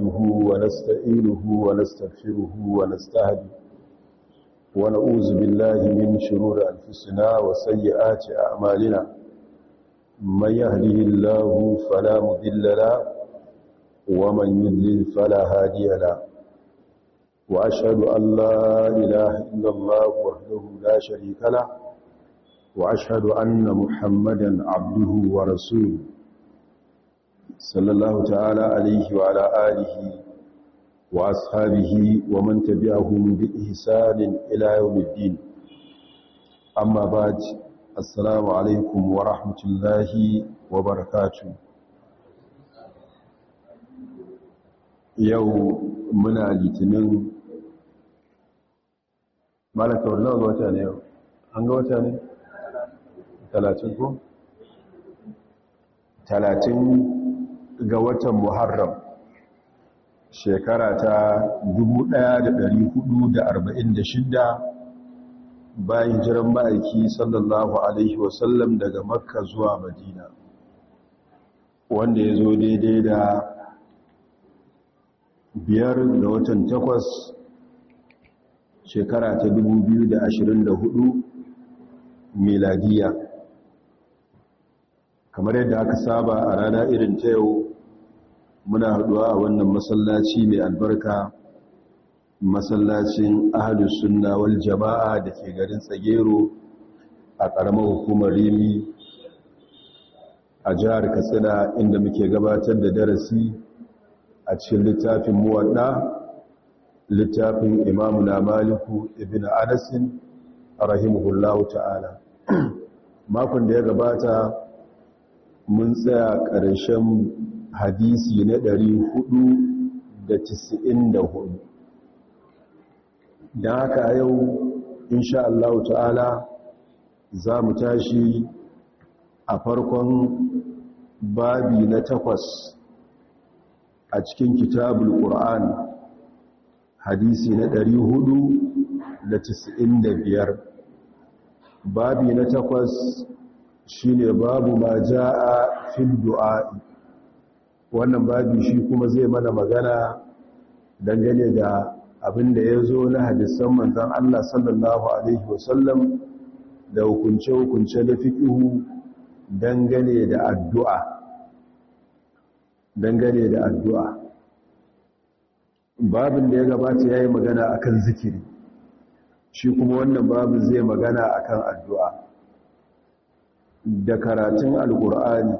نحمده ونستعينه ونستغفره ونستهدي ونعوذ بالله من شرور أنفسنا وسيئات أعمالنا من يهده الله فلا مذل له ومن يذلل فلا هادي له وأشهد أن لا إله إلا الله وحده لا شريك له وأشهد أن محمدا عبده ورسوله sallallahu ta'ala alaihi wa ala alihi wa ashabihi wa man tabi'ahum bi ihsanin ila yawmiddin amma ba'd assalamu alaikum wa rahmatullahi wa barakatuh yau muna litinin malaka wannan ga wata ne yau an ga wata ne talatin ko talatin ga watan muharram shekara ta 1446 bayan jiran ma'aiki sallallahu alaihi wasallam daga makka zuwa madina wanda ya zo daidai da biyar da watan takwas shekara ta 2024 miladiya, kamar yadda aka saba a rana irin ta yau muna haɗuwa a wannan masallaci mai albarka masallacin ahalus suna wal jama'a da ke garin tsagero a ƙaramar hukumar rimi a jihar katsina inda muke gabatar da darasi a cikin littafin muwadda littafin imamu na maliku ibn anasin rahimahullahu ta'ala makon da ya gabata mun tsaya ƙarshen hadisi na ɗari 494 da da haka yau insha Allah ta'ala za mu tashi a farkon babi na takwas a cikin kitabul ƙur'an hadisi na ɗari da da biyar. babi na takwas shine babu ma ja'a fil du'a'i wannan babi shi kuma zai mana magana dangane da abinda ya zo na hadisan manzan Allah sallallahu Alaihi wasallam da hukunce-hukunce da fikihu dangane da addu'a dangane da addu'a babin da ya gabata ya yi magana akan zikiri shi kuma wannan babu zai magana akan addu'a da karatun alƙur'ani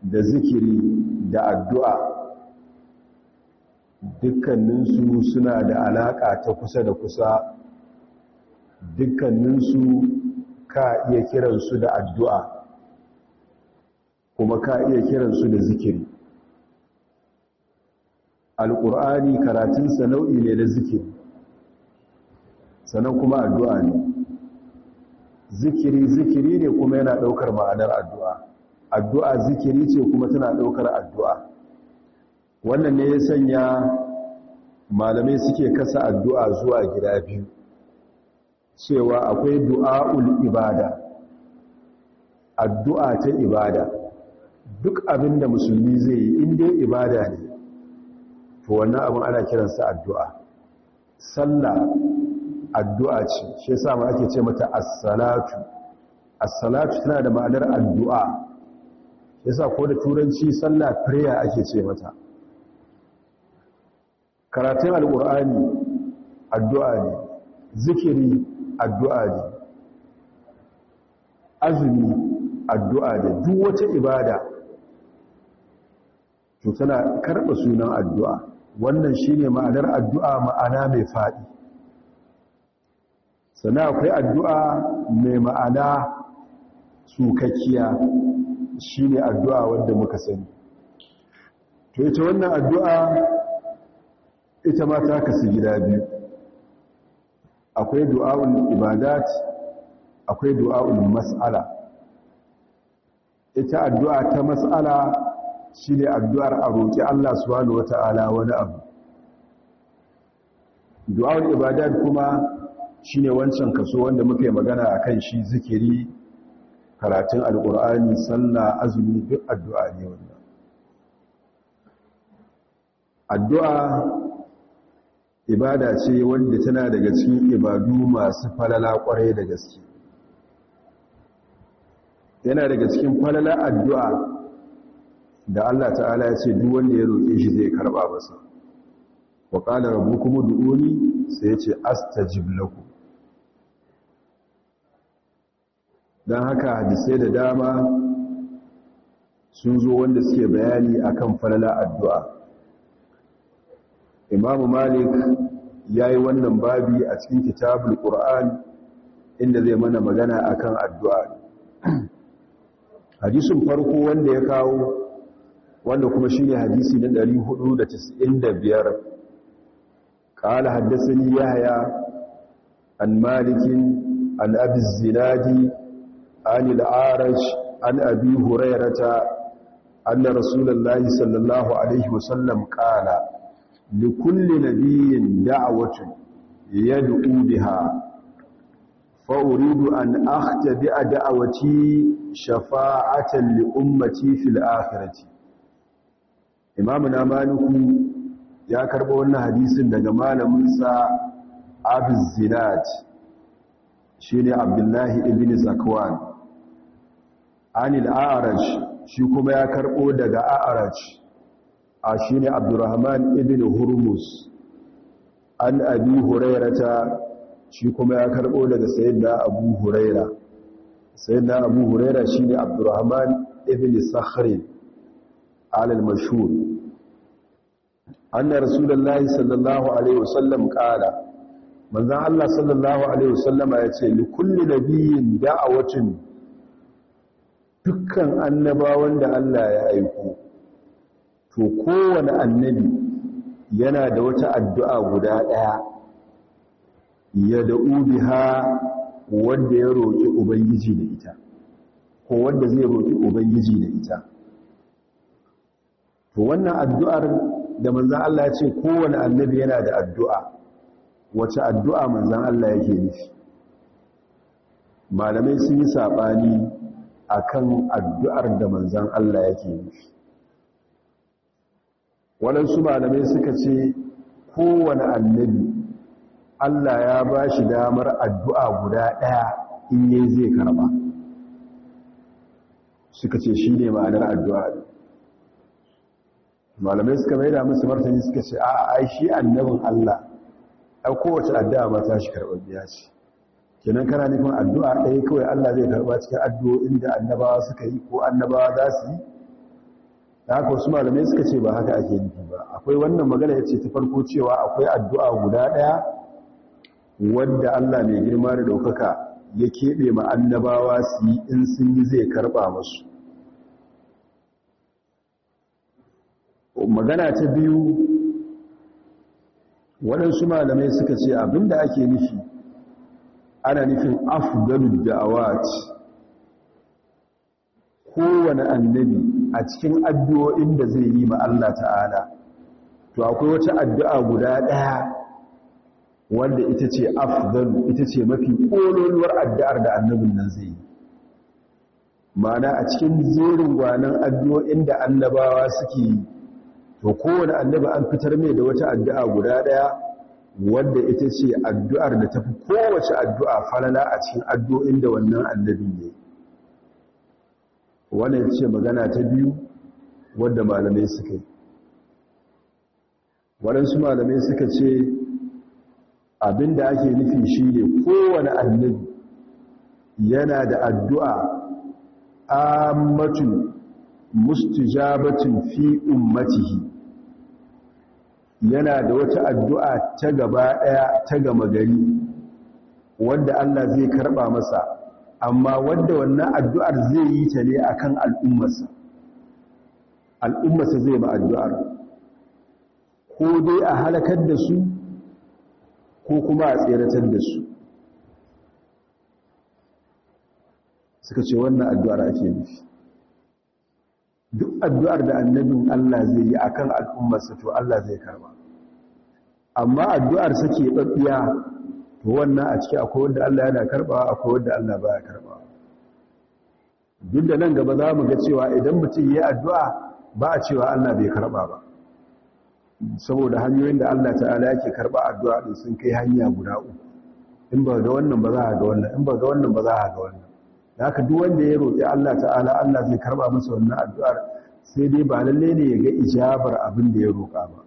da zikiri da addu'a dukkaninsu suna da alaƙa ta kusa da kusa dukkaninsu ka iya kiransu da addu'a kuma ka iya kiransu da zikiri alƙur'ani karatunsa nau'i ne na zikiri sannan kuma addu'a ne zikiri zikiri ne kuma yana ɗaukar ma'anar addu'a addu'a zikiri ce kuma tana ɗaukar addu'a wannan ne ya sanya malamai suke kasa addu'a zuwa gida biyu cewa akwai du'a'ul ibada addu'a ta ibada duk abin da musulmi zai yi inda ibada ne to wannan abin ana kiransa addu'a sallah addu'a ce shi yasa ma ake ce mata assalatu salatu tana da ma'anar addu'a yasa ko da turanci sallah prayer ake ce mata karatun alkur'ani addu'a ne zikiri addu'a ne azumi addu'a ne duk wata ibada to tana karɓa sunan addu'a wannan shine ma'anar addu'a ma'ana mai faɗi sana akwai addu'a mai ma'ana sukakkiya shi ne addu'a wadda muka sani to ita wannan addu'a ita ma ta kasu gida biyu akwai du’a’un ibadat akwai du’a’un mas'ala ita addu'a ta mas'ala shi ne addu'ar a roƙi Allah subhanahu wata'ala wani abu du'a'un ibadat kuma shi ne wancan kaso wanda muka yi magana a kan shi zikiri karatun Alƙur'ani sallah azumi duk addu'a ne wannan addu'a ibada ce wanda tana daga cikin ibadu masu falala kwarai da gaske yana daga cikin falala addu'a da Allah ta'ala ya ce duk wanda ya roƙe shi zai karba masa wa qala rabbukum ud'uni sai ya ce astajib lakum don haka hadisai da dama sun zo wanda suke bayani akan falala addu'a imamu malik ya yi wannan babi a cikin kitabul ƙur'an inda zai mana magana akan addu'a hadisun farko wanda ya kawo wanda kuma shi ne hadisi na 495 ƙala haddasa ni yahaya an malikin an abin zinadi عن العارج عن أبي هريرة أن رسول الله صلى الله عليه وسلم قال لكل نبي دعوة يدعو بها فأريد أن أختبئ دعوتي شفاعة لأمتي في الآخرة إمامنا مالك ya karɓo wannan hadisin daga malaminsa abin zinat shi ne abdullahi ibn zakwan anil Aaraj shi kuma ya karbo daga Aaraj. a shi ne abdurrahman ibn hurmus an abi hurairata shi kuma ya karbo daga sayyidina abu huraira sayyidina abu huraira shi ne abdurrahman ibn sakhrin alal mashhur anna rasulullahi sallallahu alaihi wasallam qala manzon Allah sallallahu alaihi wasallama yace li kulli nabiyyin da'awatin dukkan annabawan da Allah ya aiko to kowane annabi yana da wata addu'a guda ɗaya ya da'u biha wanda ya roki ubangiji da ita ko wanda zai roki ubangiji da ita to wannan addu'ar da manzon Allah ce kowane annabi yana da addu'a wace addu'a manzon Allah yake nufi malamai sun yi saɓani akan addu'ar da manzan Allah yake nufi waɗansu malamai suka ce kowane annabi Allah ya ba shi damar addu'a guda ɗaya in yi zai karba suka ce shi ne ma'anar addu'a malamai suka mai da musu martani suka ce a a shi annabin Allah a kowace addu'a mata shi karɓar biya ce kenan kana nufin addu'a ɗaya kawai Allah zai karɓa cikin addu'o'in da annabawa suka yi ko annabawa za su yi da haka wasu malamai suka ce ba haka ake nufi ba akwai wannan magana ya ce ta farko cewa akwai addu'a guda ɗaya Wanda Allah mai girma da ɗaukaka ya keɓe ma annabawa su yi in sun yi zai karɓa musu magana ta biyu waɗansu malamai suka ce abin abinda ake nufi ana nufin afdalud da'awat kowane annabi a cikin addu'o'in da zai yi ma Allah ta'ala to akwai wata addu'a guda daya wanda ita ce afdalu ita ce mafi kololuwar addu'ar da annabin nan zai yi ma'ana a cikin jerin gwanon addu'o'in da annabawa suke yi to kowane annabi an fitar mai da wata addu'a guda ɗaya. Wanda ita ce addu'ar da tafi kowace addu'a falala a cikin addu'o'in da wannan annabi ne wannan ce magana ta biyu wadda malamai suka yi waɗansu malamai suka ce abinda ake nufi shi ne kowane annabi yana da addu'a amatu mustijabatin fi ummatihi yana da wata addu'a ta gaba ɗaya ta gama gari wanda Allah zai karɓa masa amma wanda wannan addu'ar zai yi ta ne akan al'ummarsa al'ummarsa zai ba addu'ar ko dai a halakar da su ko kuma a tseratar da su suka ce wannan addu'ar ake nufi duk addu'ar da annabin Allah zai yi akan al'ummarsa to Allah zai karba amma addu'ar sa ke babbiya to wannan a ciki akwai wanda Allah yana karba akwai wanda Allah baya karba duk da nan gaba za mu ga cewa idan mutum ya addu'a ba a cewa Allah bai karba ba saboda hanyoyin da Allah ta'ala yake karba addu'a din sun kai hanya guda uku in ba ga wannan ba za a ga wannan in ba ga wannan ba za a ga wannan da haka duk wanda ya roƙi Allah ta'ala Allah zai karba masa wannan addu'ar sai dai ba lalle ne ya ga ijabar abin da ya roƙa ba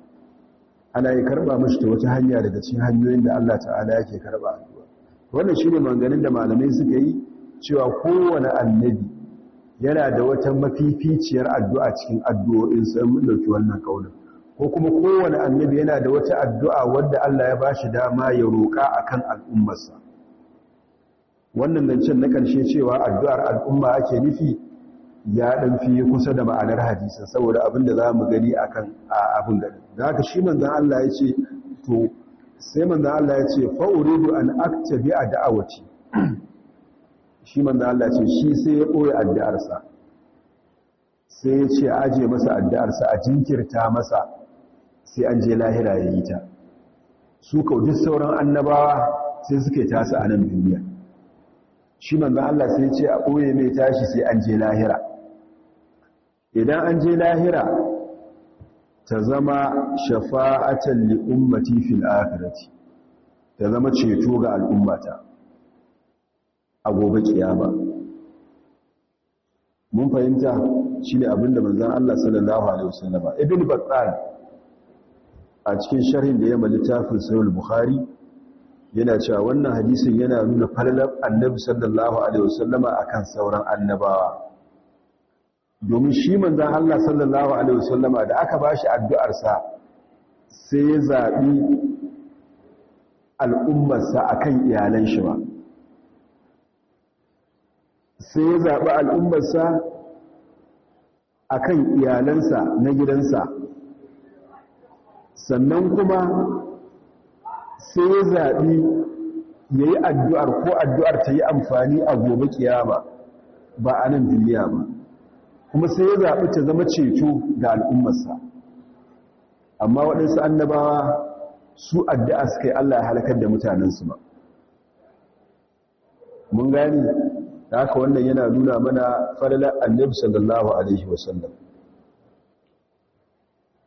ana ya karba mashi ta wata hanya daga cikin hanyoyin da Allah ta'ala yake karba addu'a wannan shine maganganun da malamai suka yi cewa kowane annabi yana da wata mafificiyar addu'a cikin addu'o'in sai mun dauki wannan kaulin ko kuma kowane annabi yana da wata addu'a wanda Allah ya bashi dama ya roƙa akan al'ummarsa wannan zancen na ƙarshe cewa addu'ar al'umma ake nufi ya ɗan fi kusa da ma'anar hadisa saboda abin da za mu gani a kan abin gani da haka shi manzan Allah ya ce to sai manzan Allah ya ce fa'uridu an bi a da'awaci shi manzan Allah ce shi sai ya ɓoye addu'arsa sai ya ce aje masa addu'arsa a jinkirta masa sai an je lahira ya yi ta su kau duk sauran annabawa sai suke tasa a nan duniya shi manzan Allah sai ce a ɓoye mai tashi sai an je lahira idan an je lahira ta zama shafa'atan li ummati fil akhirati ta zama ceto ga al'ummata a gobe kiyama mun fahimta shine abinda manzon Allah sallallahu alaihi wasallam ibn battal a cikin sharhin da ya ma littafin sahih bukhari yana cewa wannan hadisin yana nuna falalar annabi sallallahu alaihi wasallama akan sauran annabawa domin shi manzon Allah sallallahu alaihi wasallama da aka bashi addu'ar sa sai ya zabi al'ummar sa akan iyalan shi ba sai ya zabi al'ummar sa akan iyalansa na gidansa sannan kuma sai ya zaɓi ya yi addu'ar ko addu'ar ta yi amfani a gobe kiyama ba a nan duniya ba kuma sai ya zaɓi ta zama ceto ga al'ummarsa amma waɗansu annabawa su addu'a suka yi Allah ya halakar da mutanensu ba mun gani da haka wannan yana nuna mana falalar annabi sallallahu alaihi wasallam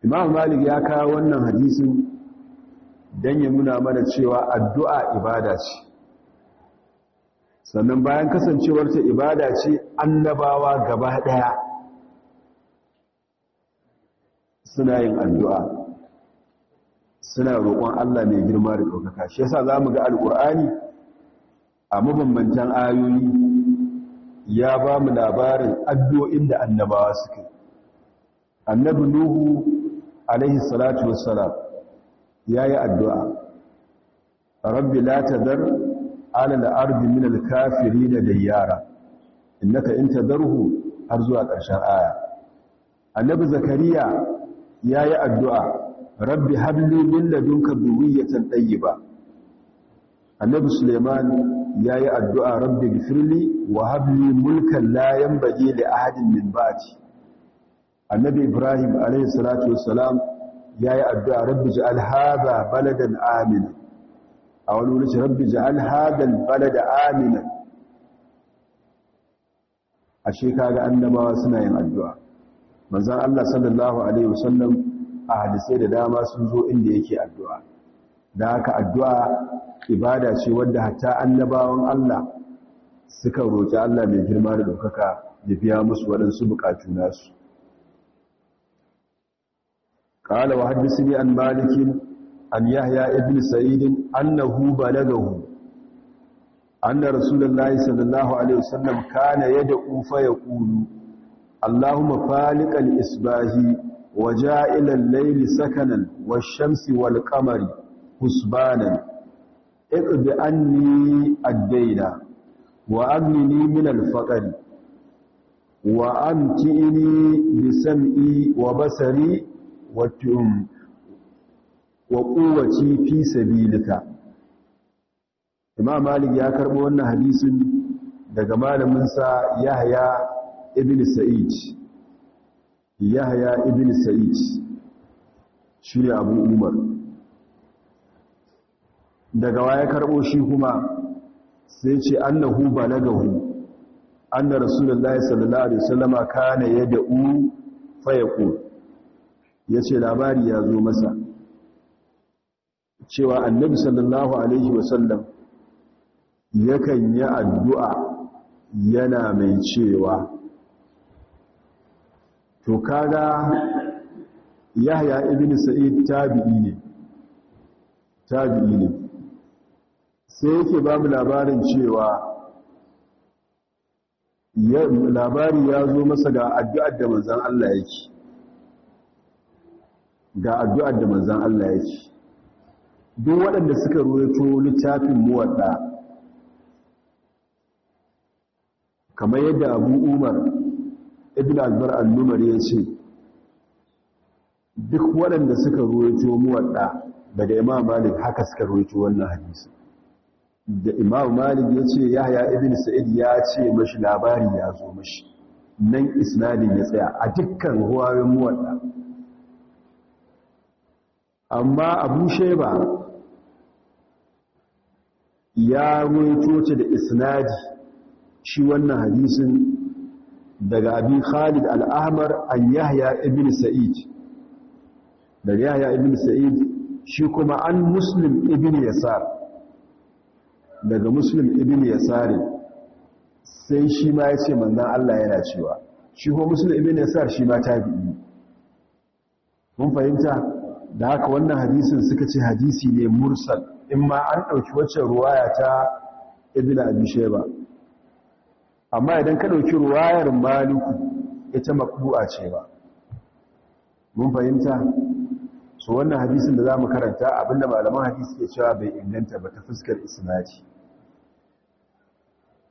imam malik ya kawo wannan hadisin Dan ya nuna mana cewa addu'a ibada ce sannan bayan kasancewar ta ibada ce annabawa gaba ɗaya suna yin addu'a suna roƙon Allah mai girma da ɗaukaka shi yasa za mu ga alƙur'ani a mabambantan ayoyi ya ba mu labarin addu'o'in da annabawa suke annabi nuhu alaihi salatu wassalam ya yi addu'a rabbi la alal ala al'ardi min al-kafiri da dayyara innaka in tadarhu har zuwa ƙarshen aya annabi zakariya ya yi addu'a rabbi habli min ladunka duwiyatan tayyiba annabi suleiman ya yi addu'a rabbi gifirli wa habli mulkan layan baje da ahadin min ba'ati annabi ibrahim alaihi salatu Ya yi addu'a rabbi ji hadha baladan amina a wani wuri rabbi ji hadha balada amina ashe kaga annabawa suna yin addu'a manzon Allah sallallahu alaihi wasallam a hadisai da dama sun zo inda yake addu'a da haka addu'a ibada ce wadda hatta annabawan Allah suka roƙi Allah mai girma da ɗaukaka ya biya musu waɗansu buƙatu nasu قال وحدثني عن مالك عن يحيى ابن سعيد أنه بلغه أن رسول الله صلى الله عليه وسلم كان يدعو فيقول اللهم فالق الإصباح وجائل الليل سكنا والشمس والقمر حسبانا اقض عني الدين وأغنني من الفقر وأمتئني بسمعي وبصري wa kowace fi sabilika imam malik ya karbo wannan hadisin daga malaminsa yahya ibn sa'id yahya ibn sa'id ne abu umar daga waya karbo shi kuma sai ce annahu balagahu anna rasulullahi sallallahu alaihi wasallama kana yad'u fa yaqul ya ce labari ya zo masa cewa annabi sallallahu alaihi wasallam yakan yi addu'a yana mai cewa to kaga yahya ibn sa'id tabi'i ne tabi'i ne sai yake ba mu labarin cewa labari ya zo masa ga addu'ar da manzan Allah yake ga addu'ar da manzan Allah ya ce duk waɗanda suka ruwaito littafin muwaɗa kamar yadda abu umar ibn akbar al-numar ya ce duk waɗanda suka ruwaito muwaɗa daga imam malik haka suka ruwaito wannan hadisi da imam malik ya ce yahya ibn sa'id ya ce mashi labari ya zo mashi nan isnadin ya tsaya a dukkan ruwayoyin muwaɗa amma abu Sheba ya ruwaito ce da isnadi shi wannan hadisin daga abi khalid al'ahmar an yahya ibn sa'id daga yahya ibn sa'id shi kuma an muslim ibn yasar daga muslim ibn yasari sai shi ma ya ce manzan allah yana cewa shi ko muslim ibn yasar shi ma tabi'i mun fahimta da haka wannan hadisin suka ce hadisi ne mursal in ma an ɗauki wacce ruwaya ta ibn abi shayba amma idan ka ɗauki ruwayar maliku ita maqbu'a ce ba mun fahimta so wannan hadisin da zamu karanta abinda malaman hadisi ke cewa bai inganta ba ta fuskar isnadi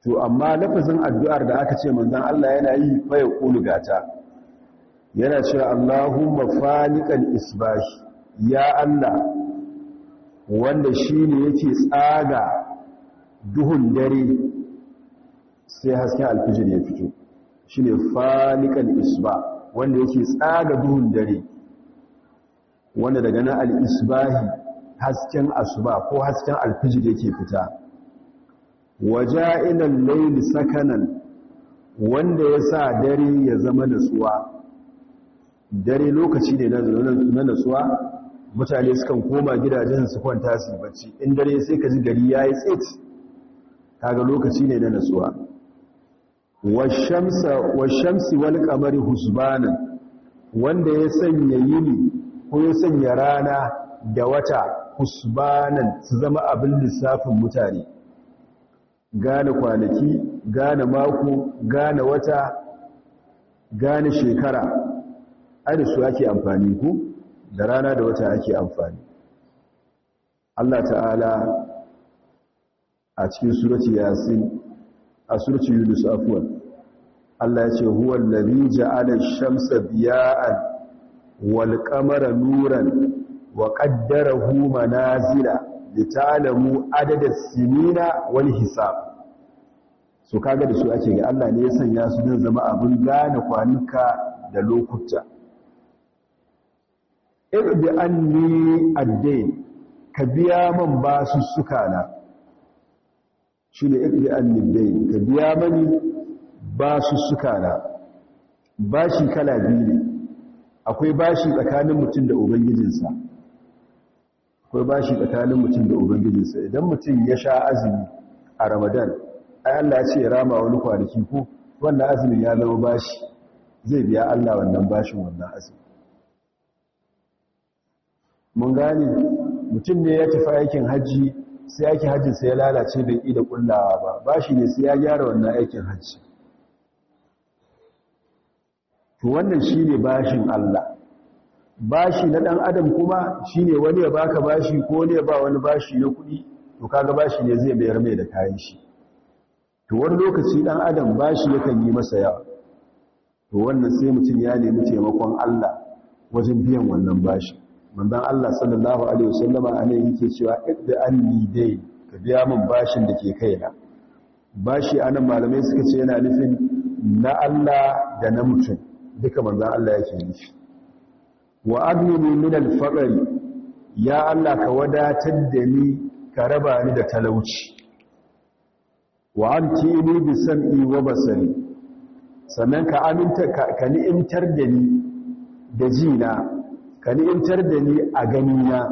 to amma lafazin addu'ar da aka ce manzon Allah yana yi fa kulu gata yana cewa Allahumma faliqal isbahi ya Allah wanda shi ne yake tsaga duhun dare sai hasken alfijir ya fito shi ne falikan isba wanda yake tsaga duhun dare wanda daga na al'isbahi hasken asuba ko hasken alfijir yake fita waja'inan laili sakanan wanda ya sa dare ya zama tsuwa dare lokaci ne na natsuwa mutane sukan koma gidajen su kwanta su bacci in dare sai ka ji gari yayi tsit kaga lokaci ne na nasuwa washamsa washamsi wal qamari husbanan wanda ya sanya yini ko ya sanya rana da wata husbanan su zama abin lissafin mutane gane kwanaki gane mako gane wata gane shekara ai da su ake amfani ku da rana da wata ake amfani Allah ta'ala a cikin surati yasin a surati yunus afwan Allah ya ce huwal, ladhi ja'ala ash-shamsa diya'an wal qamara nuran wa qaddarahu manazila lita'lamu adada as-sinina wal hisab so kaga da su ake ga Allah ne ya sanya su don zama abin gane kwanuka da lokuta irbi an ni adde ka biya man suka na ne irbi an ni dai ka biya mani suka na bashi kala biyu ne akwai bashi tsakanin mutum da ubangijinsa akwai shi tsakanin mutum da ubangijinsa idan mutum ya sha azumi a ramadan ai Allah ya ce rama wani kwanaki ko wannan azumin ya zama bashi zai biya Allah wannan bashin wannan azumin mun gane mutum ne ya tafi aikin hajji sai yake hajji sai ya lalace bai ƙi da kullawa ba ba shi ne sai ya gyara wannan aikin hajji to wannan shi bashin Allah bashi na ɗan adam kuma shi ne wani ya baka bashi ko ne ba wani bashi na kuɗi to kaga bashi ne zai mayar mai da kayan shi to wani lokaci ɗan adam bashi yakan yi masa yawa to wannan sai mutum ya nemi taimakon Allah wajen biyan wannan bashi manzon Allah sallallahu alaihi wasallama ne yake cewa idda anni dai ka biya min bashin da ke kaina bashi anan malamai suka ce yana nufin na Allah da na mutum duka manzon Allah yake nufi wa aghnini min al ya Allah ka wadatar da ni ka raba ni da talauci wa ni bi sam'i wa basari sannan ka aminta ka ni'intar da ni da jina ka ni'imtar da ni a ganina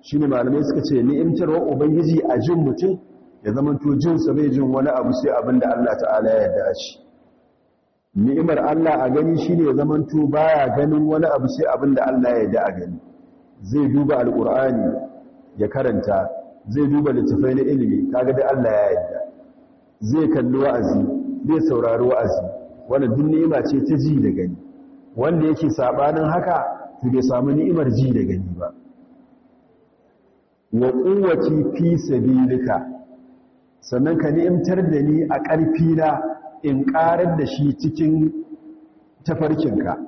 shi ne malamai suka ce ni'imtar wa ubangiji a jin mutum ya zama to jinsa jin wani abu sai abin da allah ta'ala ya yarda ni'imar allah a gani shi ne ya zama to baya ganin wani abu sai abin da allah ya da a gani zai duba al'ur'ani ya karanta zai duba littafai na ilimi kaga da allah ya yadda. zai kalli wa'azi zai saurari wa'azi wannan duk ni'ima ce ta ji da gani wanda yake sabanin haka su bai samu ni'imar ji da gani ba wa quwwati fi sabilika sannan ka ni'imtar da ni a ƙarfi na in ƙarar da shi cikin tafarkinka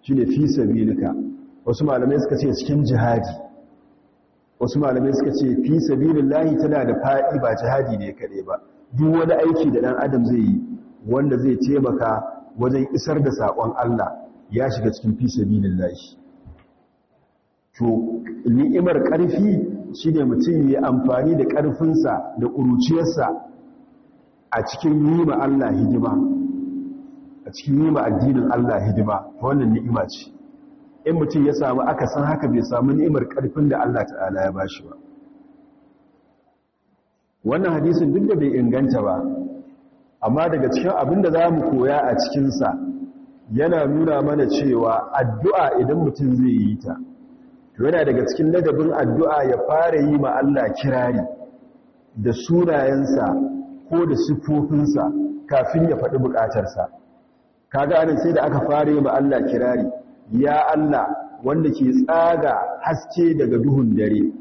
shine fi sabilika wasu malamai suka ce cikin jihadi wasu malamai suka ce fi sabilillahi tana da faɗi ba jihadi ne kare ba duk wani aiki da ɗan adam zai yi wanda zai taimaka wajen isar da saƙon Allah ya shiga cikin fi sabilillahi to ni'imar ƙarfi shi ne mutum ya amfani da ƙarfinsa da ƙuruciyarsa a cikin yi ma Allah hidima a cikin yi ma addinin Allah hidima Ta wannan ni'ima ce in mutum ya samu aka san haka bai samu ni'imar ƙarfin da Allah ta'ala ya ba shi ba wannan hadisin duk da bai inganta ba amma daga cikin abin da za mu koya a cikinsa yana nuna mana cewa addu'a idan mutum zai yi ta yana daga cikin ladabin addu'a ya fara yi ma Allah kirari da sunayensa ko da siffofinsa kafin ya faɗi buƙatarsa kaga anan sai da aka fara yi ma Allah kirari ya Allah wanda ke tsaga haske daga duhun dare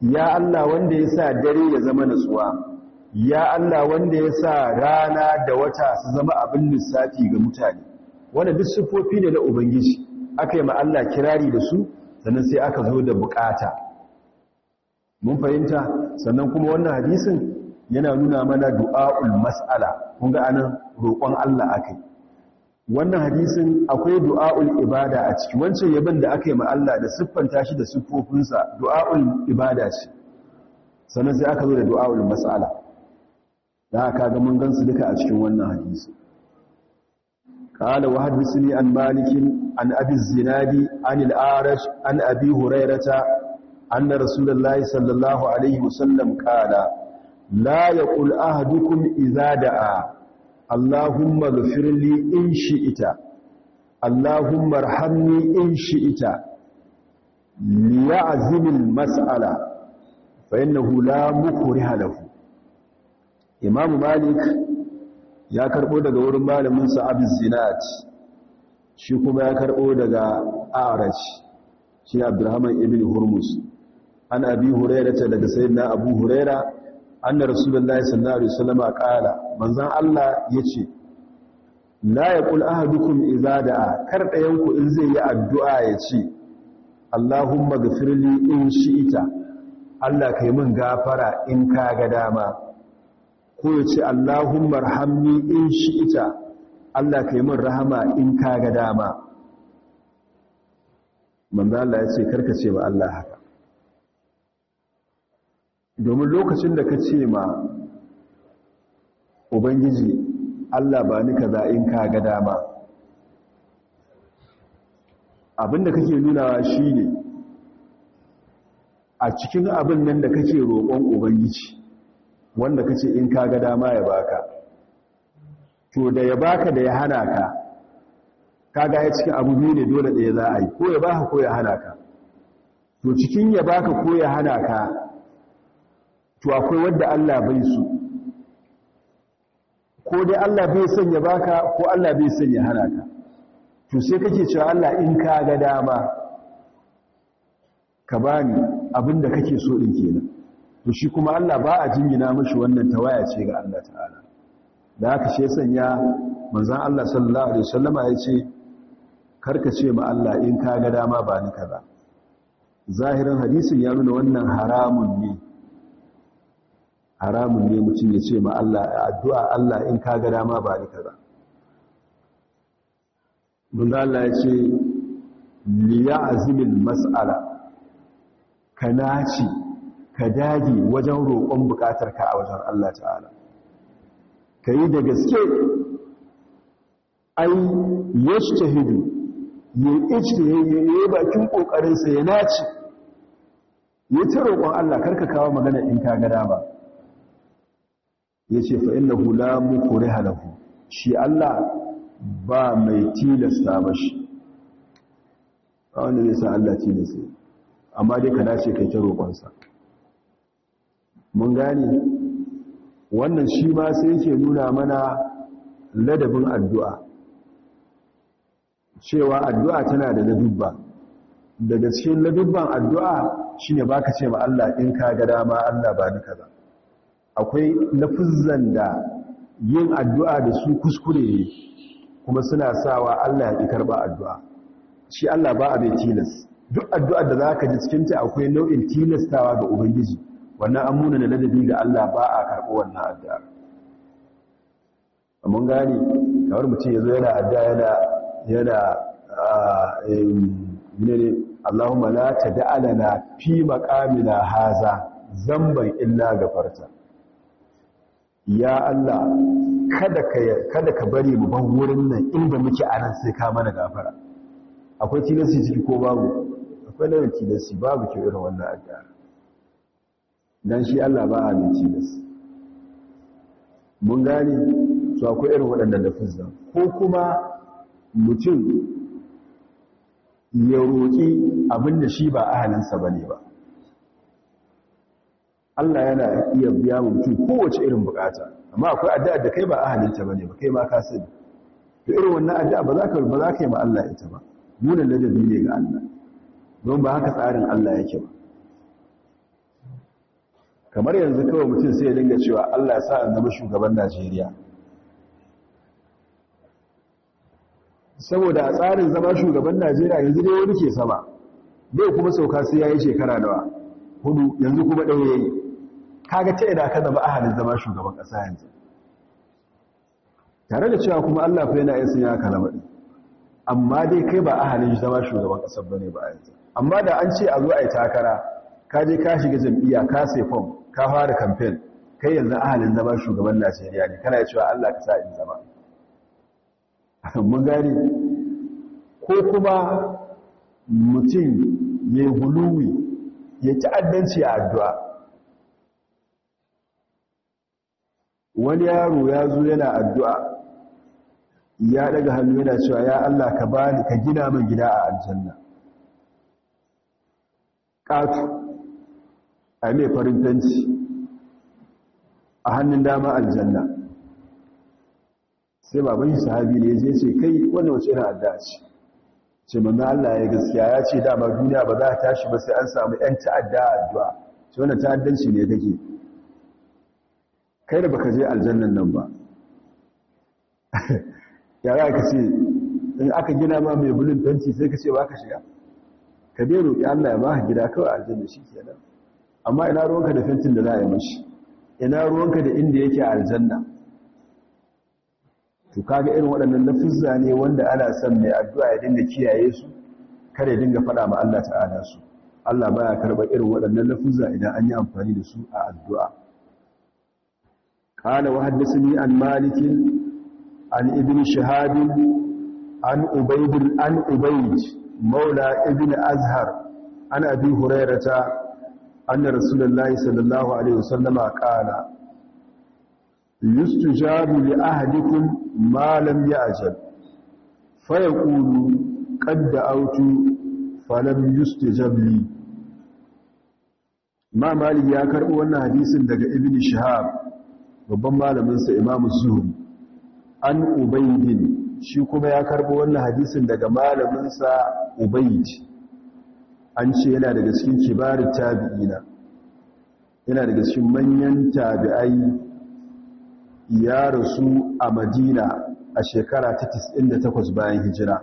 ya Allah wanda ya sa dare ya zama natsuwa ya Allah wanda ya sa rana da wata su zama abin lissafi ga mutane wanda duk siffofi ne na ubangiji aka yi Allah kirari da su sannan sai aka zo da bukata mun fahimta sannan kuma wannan hadisin yana nuna mana du'a'ul mas'ala kun ga anan roƙon Allah akai wannan hadisin akwai du'a'ul ibada a ciki wancan yaban da aka yi ma Allah da siffanta shi da siffofinsa du'a'ul ibada ce sannan sai aka zo da du'a'ul mas'ala da aka ga mun gansu duka a cikin wannan hadisi قال وحدثني عن مالك عن أبي الزناد عن الأعرج عن أبي هريرة أن رسول الله صلى الله عليه وسلم قال لا يقول أهدكم إذا دعا اللهم اغفر لي إن شئت اللهم ارحمني إن شئت ليعزم المسألة فإنه لا مكره له إمام مالك ya karbo daga wurin malamin sa Abu shi kuma ya karbo daga arash shi Abdurrahman ibn hurmus an Abi Hurairah daga sayyidina Abu Hurairah anna Rasulullahi sallallahu alaihi wasallam qala manzon Allah yace la yaqul ahadukum idza da'a kar yanku in zai yi addu'a yace Allahumma ghfirli in shi'ita Allah kai min gafara in ka ga dama ko ya ce Allahumma rahamni in shi ita, Allah ka yi min rahama in ka ga dama manzo Allah ya ce karka ce ba Allah haka domin lokacin da ka ce ma ubangiji Allah ba ni kaza in ka ga dama abinda kake nunawa ne. a cikin abin nan da kake roƙon ubangiji wanda ka ce in ka ga dama ya baka to da ya baka da ya hana ka ka ga ya cikin abu ne dole ya za a yi ko ya baka ko ya hana ka to cikin ya baka ko ya hana ka to akwai wadda Allah bai su ko dai Allah bai son ya baka ko Allah bai son ya hana ka to sai kake cewa Allah in ka ga dama ka bani abinda kake so din kenan to shi kuma Allah ba a jingina mashi wannan tawaya ce ga Allah ta'ala da haka shi sanya manzon Allah sallallahu alaihi wasallama ya ce karka ce ma Allah in ka ga dama ba ni kaza zahirin hadisin ya nuna wannan haramun ne haramun ne mutum ya ce ma Allah addu'a Allah in ka ga dama ba ni kaza manzo Allah ya ce liya liya'zimil mas'ala kana ci ka dage wajen roƙon buƙatar ka a wajen Allah ta'ala ka yi da gaske ai yashtahidu ya yi bakin ƙoƙarinsa ya nace ya ci roƙon Allah karka kawo magana in ka gada ba ya ce fa'in na hula muku rihalahu shi Allah ba mai tilasta ba shi a wanda zai sa Allah tilasta amma dai ka dace kai ta roƙonsa mun gane wannan shi ma sai yake nuna mana ladabin addu'a cewa addu'a tana da ladubba daga cikin ladubban addu'a shine baka ce ma Allah in ka ga dama Allah ba duka kaza akwai lafuzzan da yin addu'a da su kuskure ne kuma suna sawa Allah ya karba addu'a shi Allah ba a bai tilas duk addu'ar da zaka ji cikin ta akwai nau'in tilastawa ga ubangiji wannan an muna da ladabi ga Allah ba a karɓo wannan addu'a mun gane kamar mutum ya zo yana addu'a yana yana ne Allahumma la tada'a fi maqamina haza zamban illa gafarta ya Allah kada ka kada ka bari mu ban wurin nan inda muke a nan sai ka mana gafara akwai tilasi ciki ko babu akwai tilasi babu ke irin wannan addu'a don shi Allah ba a mai tilas mun gane su akwai irin waɗanda da fuzza ko kuma mutum ya roƙi abinda shi ba ahalinsa ba ne ba Allah yana iya biya mutum kowace irin bukata amma akwai addu'a da kai ba ahalinta ba ne ba kai ma ka sani to irin wannan addu'a ba za ka ba za ka yi ma Allah ita ba munan ladabi ne ga Allah don ba haka tsarin Allah yake ba kamar yanzu kawai mutum sai ya dinga cewa Allah sa an zama shugaban Najeriya saboda a tsarin zama shugaban Najeriya yanzu dai wani ke sama bai kuma sauka sai yayi shekara nawa hudu yanzu kuma ɗaya yayi kaga ta ina ka zama ahalin zama shugaban ƙasa yanzu tare da cewa kuma Allah fa yana yin sunya ya amma dai kai ba ahalin zama shugaban ƙasar bane ba yanzu amma da an ce a zo a yi takara ka je ka shiga jam'iyya ka sai fom ka fara kamfen kai yanzu ahalin zama shugaban najeriya ne kana cewa allah ka sa in zama mun gane ko kuma mutum ya yi huluwi ya addanci a addu'a wani yaro ya zo yana addu'a ya daga hannu yana cewa ya Allah ka bani ka gina min gida a aljanna ƙatu a mai farin fenti a hannun dama aljanna sai baban sahabi ne zai ce kai wannan wace irin addu'a ce ce manzo Allah ya gaskiya ya ce dama duniya ba za ta tashi ba sai an samu yan ta'adda addu'a ce wannan ta'addanci ne take kai da baka je aljannan nan ba ya za ka ce in aka gina ma mai bulin fenti sai ka ce ba ka shiga ka dai roƙi Allah ya ba ka gida kawai aljanna shi kenan amma ina ruwanka da fentin da za a yi mashi ina ruwanka da inda yake a aljanna to kaga irin waɗannan lafizza ne wanda ana son mai addu'a ya dinga kiyaye su kare dinga faɗa ma Allah ta'ala su Allah baya karɓar irin waɗannan lafizza idan an yi amfani da su a addu'a qala wa hadathani an malik an ibn shahab an ubayd an ubayd مولى ابن أزهر عن أبي هريرة anna rasulullahi sallallahu alaihi wasallama qala yustujabu li ahadikum ma lam ya'jal fa yaqulu qad da'awtu fa lam yustujab li ma malik ya karbo wannan hadisin daga ibn shihab babban malaminsa sa imam zuhri an ubaidin shi kuma ya karbo wannan hadisin daga malaminsa Ubaid. an ce yana daga cikin tabi'i tabi'ina yana daga cikin manyan tabi'ai ya rasu a madina a shekara ta 98 bayan hijira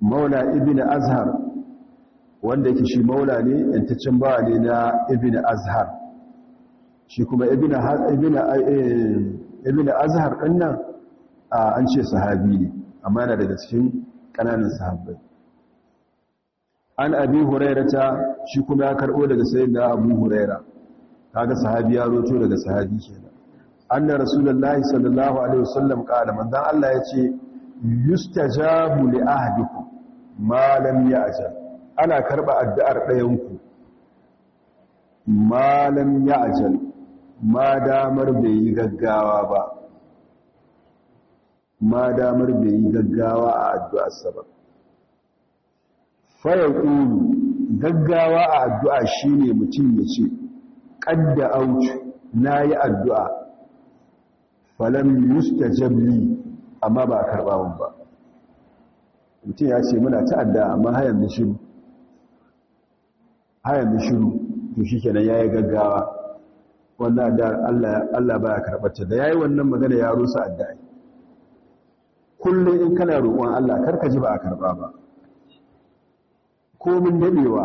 maula ibn azhar wanda yake shi maula ne yantaccen bawa ne na ibn azhar shi kuma ibn eh, ibn azhar ɗin nan an ce sahabi ne amma yana daga cikin ƙananan sahabbai an abi huraira ta shi kuma ya karbo daga sayyidina abu huraira kaga sahabi ya roto daga sahabi kenan anna rasulullahi sallallahu alaihi wasallam qala manzon Allah yace yustajabu li ahdikum ma lam ya'jal ana karba addu'ar ɗayan ku ma lam ya'jal ma damar bai gaggawa ba ma damar bai gaggawa a addu'ar sabab faya ƙuru, gaggawa a addu'a shi ne mutum ya ce ƙadda auci na yi addu'a falon yusta jabli amma ba a karɓawun ba mutum ya ce muna ta addu'a amma hayan da shiru hayan da shiru to shi kenan ya yi gaggawa wannan da Allah ba ya karɓarta da ya yi wannan magana ya rusa addu'a kullum in kana roƙon Allah karka ji ba a karɓa ba komin dadewa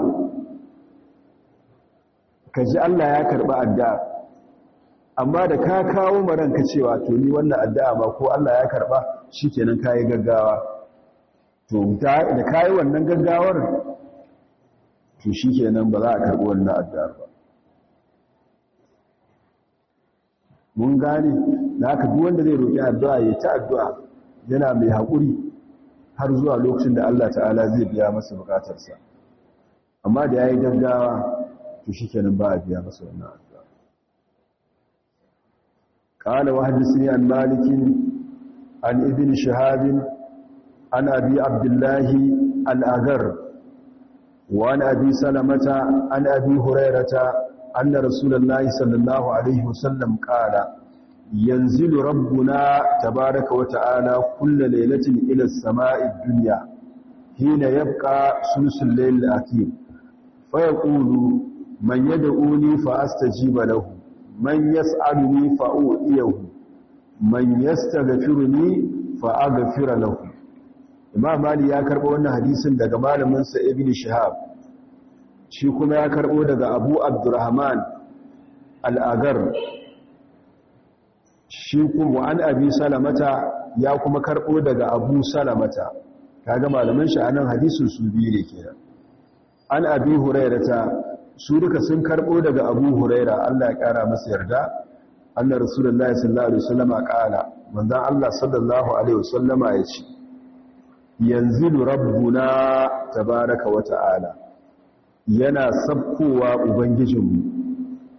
ka ji Allah ya karba addu'a amma da ka kawo maran ka cewa to ni wannan addu'a ba ko Allah ya karba shikenan kai gaggawa to da kai wannan gaggawar to shikenan ba za a karbi wannan addu'ar ba mun gane da haka duk wanda zai roƙi addu'a ya ta addu'a yana mai haƙuri har zuwa lokacin da Allah ta'ala zai biya masa bukatarsa amma da ya yi gaggawa to shi kenan ba a biya masa wannan addu'a ƙala wa an malikin an ibin shahabin an abi abdullahi al'agar wa an abi salamata an abi hurairata an na rasulallahi sallallahu alaihi wasallam ƙala yanzu rabbuna tabaraka wa ta'ala kulla lailatin ila sama'i duniya hina yabƙa sun layl al-akhir fa yaqulu man yad'uni fa astajiba lahu man ni fa u'iyahu man ni fa aghfira lahu imam Ali ya karbo wannan hadisin daga malamin sa ibn shihab shi kuma ya karbo daga abu abdurrahman al-agar shi kuma an abi salamata ya kuma karɓo daga abu salamata kaga malaman shi anan hadisin su biyu ne kenan an abi huraira ta su duka sun karbo daga abu huraira Allah ya kara masa yarda annar rasulullahi sallallahu alaihi wasallama kala manzon Allah sallallahu alaihi wasallama ya ce yanzilu rabbuna tabaraka wa ta'ala yana sabkowa ubangijinmu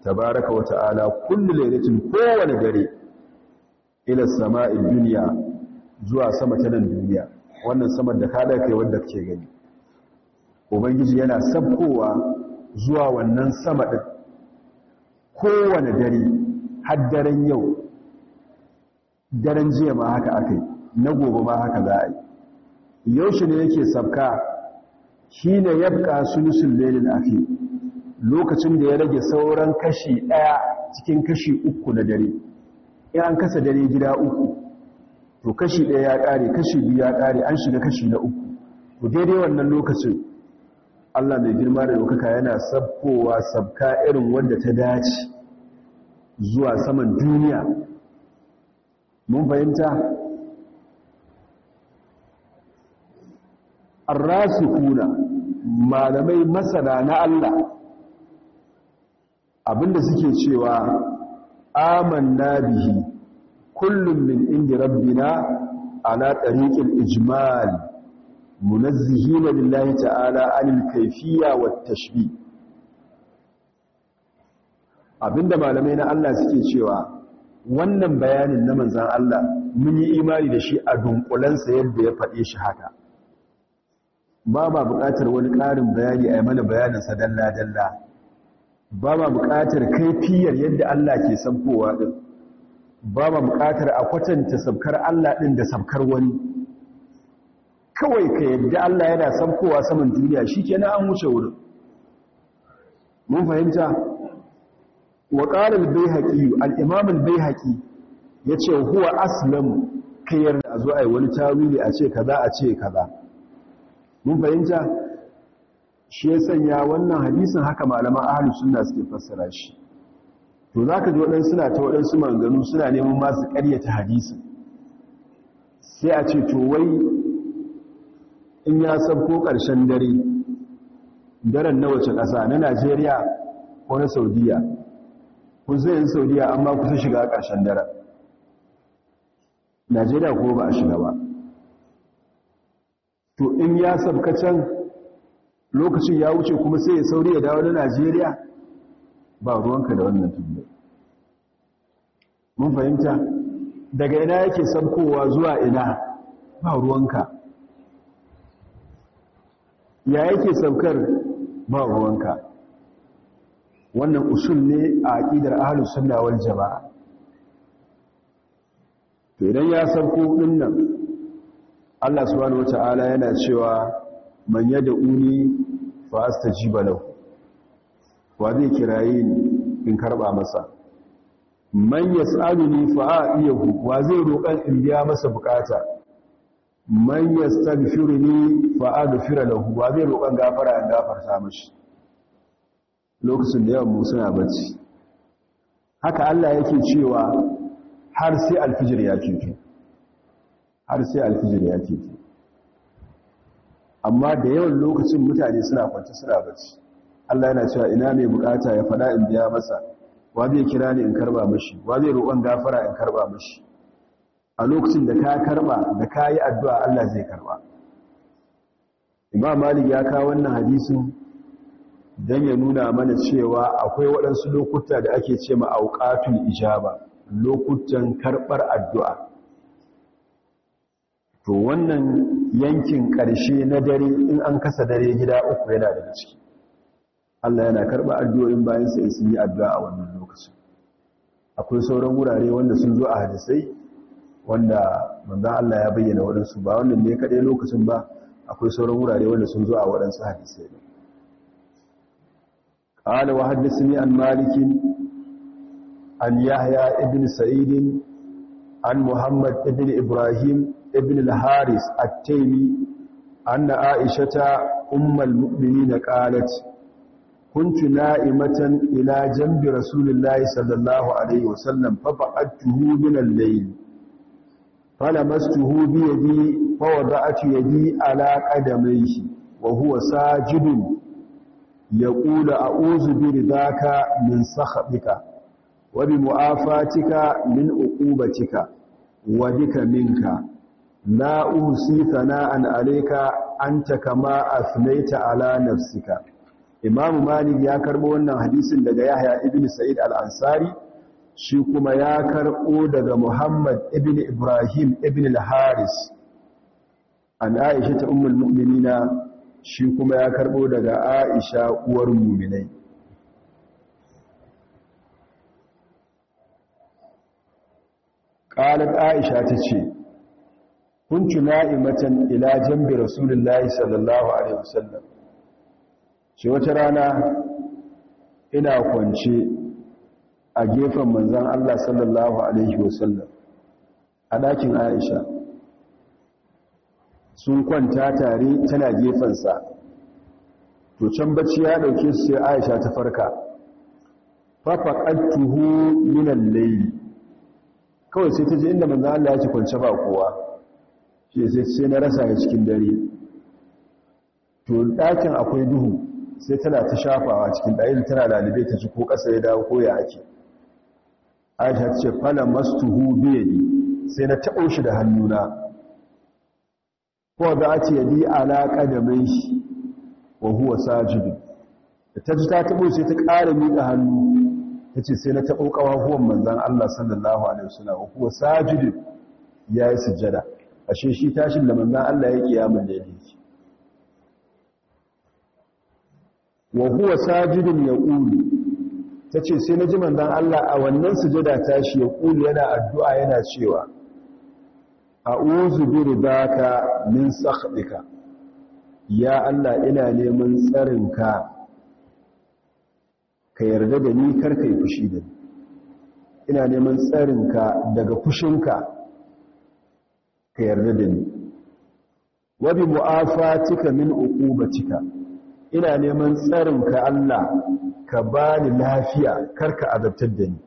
tabaraka wa ta'ala kullu lailatin kowane dare ila samai duniya zuwa sama ta nan duniya wannan samar da kada kai wanda kake gani ubangiji yana sabkowa zuwa wannan sama ɗin kowane dare har yau daren jiya ma haka aka yi na gobe ma haka za a yi yaushe ne yake sabka shi ne ya yabka sulusun lelin afi lokacin da ya rage sauran kashi ɗaya cikin kashi uku na dare in an kasa dare gida uku to kashi ɗaya ya ƙare kashi biyu ya ƙare an shiga kashi na uku to daidai wannan lokacin Allah mai girma da dokaka yana sabkowa sabka irin wanda ta dace zuwa saman duniya mun fahimta kuna malamai masana na Allah abinda suke cewa amanna bihi kullum min inda rabbina ala tariqil ijmal منزهين lillahi ta'ala عن الكيفية والتشبيه abinda malamai na Allah suke cewa wannan bayanin na manzan Allah mun yi imani da shi a dunkulansa yadda ya faɗe shi haka ba ba buƙatar wani ƙarin bayani a yi mana bayaninsa dalla-dalla ba ba buƙatar kaifiyar yadda Allah ke sabkowa ɗin ba ba buƙatar a kwatanta sabkar Allah ɗin da sabkar wani kawai ka yadda Allah yana saukowa saman duniya shi kenan an wuce wurin mun fahimta wa ƙarar bai haƙi al'imamin bai haƙi ya ce huwa aslamu ka yarda a zo a yi wani tawili a ce kaza a ce kaza mun fahimta shi ya sanya wannan hadisin haka malaman ahalus suna suke fassara shi to za ka ji waɗansu na ta waɗansu manganu suna neman masu ƙaryata hadisin sai a ce to wai in ya ko ƙarshen dare daren na wace ƙasa na najeriya ko na saudiya ku zai yin saudiya amma kusa shiga ƙarshen dare. najeriya ko ba a shiga ba to in ya ka can lokacin ya wuce kuma sai ya sauri ya dawo na najeriya ba ruwanka da wannan tumbin mun fahimta daga ina yake sabkowa zuwa ina ba ruwanka ya yake saukar ba ruwanka wannan usul ne a aƙidar ahlus sunna jamaa to idan ya sauko ɗinnan Allah subhanahu wataala yana cewa man uni fa astajiba lahu wa zai kiraye ni in karba masa man yas'aluni fa a'iyahu wa zai roƙan in biya masa bukata man ne fa aghfira lahu ba zai roƙan gafara an gafarta mishi lokacin da yawan musu na bacci haka Allah yake cewa har sai alfijir ya keto har sai alfijir ya keto amma da yawan lokacin mutane suna kwance suna bacci Allah yana cewa ina mai bukata ya fada in biya masa wa zai kira ni in karba mishi wa zai roƙan gafara in karba mishi a lokacin da ka karba da ka yi addu'a Allah zai karba imam malik ya kawo wannan hadisin don ya nuna mana cewa akwai waɗansu lokuta da ake ce ma'auƙatun ijaba lokutan karɓar addu'a to wannan yankin ƙarshe na dare in an kasa dare gida uku yana da ciki Allah yana karɓar addu'o'in bayan sai sun yi addu'a a wannan lokacin akwai sauran wurare wanda sun zo a hadisai wanda manzan Allah ya bayyana waɗansu ba wannan ne kaɗai lokacin ba akwai sauran wurare wanda sun zo a waɗansu hadisai ne ƙala wa haddisi ne an yahya ibn sa'idin an muhammad ibn ibrahim ibn al-haris at-taymi anna aishata ummul mu'minin qalat kuntu na'imatan ina janbi rasulillahi sallallahu alayhi wa sallam fa fa'adtu min al-layl falamastuhu bi yadi fa yadi ala qadamayhi wa huwa sajidun yaqulu a'udhu bi ridaka min sakhatika wa bi mu'afatika min uqubatika wa bika minka la uhsi thana'an alayka anta kama afnaita ala nafsika imam malik ya karbo wannan hadisin daga yahya ibn sa'id al-ansari shi kuma ya karɓo daga muhammad ibn ibrahim ibn al-haris an aisha ta ummul mu'minina shi kuma ya karɓo daga aisha uwar muminai قالت aisha تشي كنت نائمة إلى جنب رسول الله صلى الله عليه وسلم wata rana ina kwance a gefen manzan Allah sallallahu Alaihi wasallam a ɗakin Aisha sun kwanta tare tana gefensa to can bacci ya ɗauke su sai Aisha ta farka fafaƙattuhu minan laili kawai sai ta ji inda manzan Allah ya kwance ba kowa shi sai sai na rasa ya cikin dare to ɗakin akwai duhu sai tana ta shafawa cikin ɗayin tana lalibe ta ci ko ƙasa ya dawo ko ya ake aisha ce fala mastuhu biyadi sai na taɓo shi da hannuna ko za a ce yadi alaƙa da mai shi wa huwa sajidu da ta ji ta taɓo sai ta ƙara miƙa hannu ta ce sai na taɓo ƙawahuwan manzan Allah sallallahu alaihi wasallam wa huwa sajidu ya yi sujjada ashe shi tashin da manzan Allah ya kiyama da yake shi wa huwa sajidun yaqulu ta ce sai na ji manzan Allah a wannan sujada ta shi ya ƙuli yana addu'a yana cewa a uzu biri ba ka min sakhdika ya Allah ina neman tsarinka ka yarda da ni karka yi fushi da ni ina neman tsarinka daga fushinka ka yarda da ni wabi cika min cika. ina neman tsarin ka Allah ka bani lafiya kar ka azabtar da ni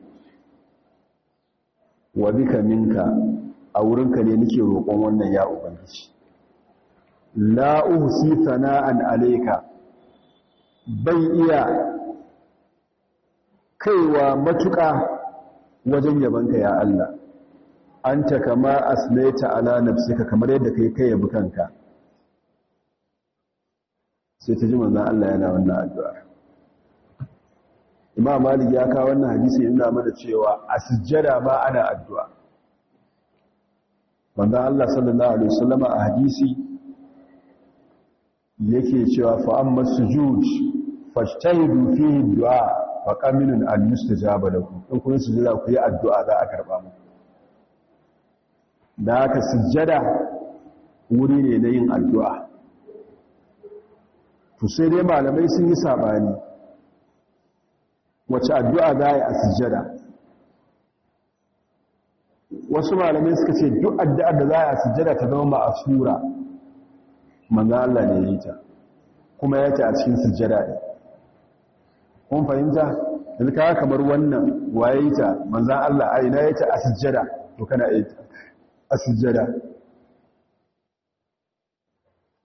wa bika minka a wurinka ne nake roƙon wannan ya ubangiji la uhsi sana'an alayka bai iya kaiwa matuƙa wajen yabanka ya Allah anta kama asnaita ala nafsika kamar yadda kai kai yabi kanka sai ta ji manzan Allah yana wannan addu'a imam malik ya kawo wannan hadisi yana mana cewa a sujjada ma ana addu'a manzan Allah sallallahu alaihi wasallama a hadisi yake cewa fa amma sujud fashtahidu fihi du'a fa qaminun jaba da ku, in kun sujjada ku yi addu'a za a karɓa mu da haka sujjada wuri ne na yin addu'a to sai dai malamai sun yi saɓani wace addu'a za a yi a sujjada wasu malamai suka ce duk addu'ar da za a yi a sujjada ta zama a sura manzan Allah ne yi ta kuma ya ce a cikin sujjada ne kun fahimta Yanzu kawo kamar wannan waye ta manzan Allah a ina ya ce a sujjada to kana yi a sujjada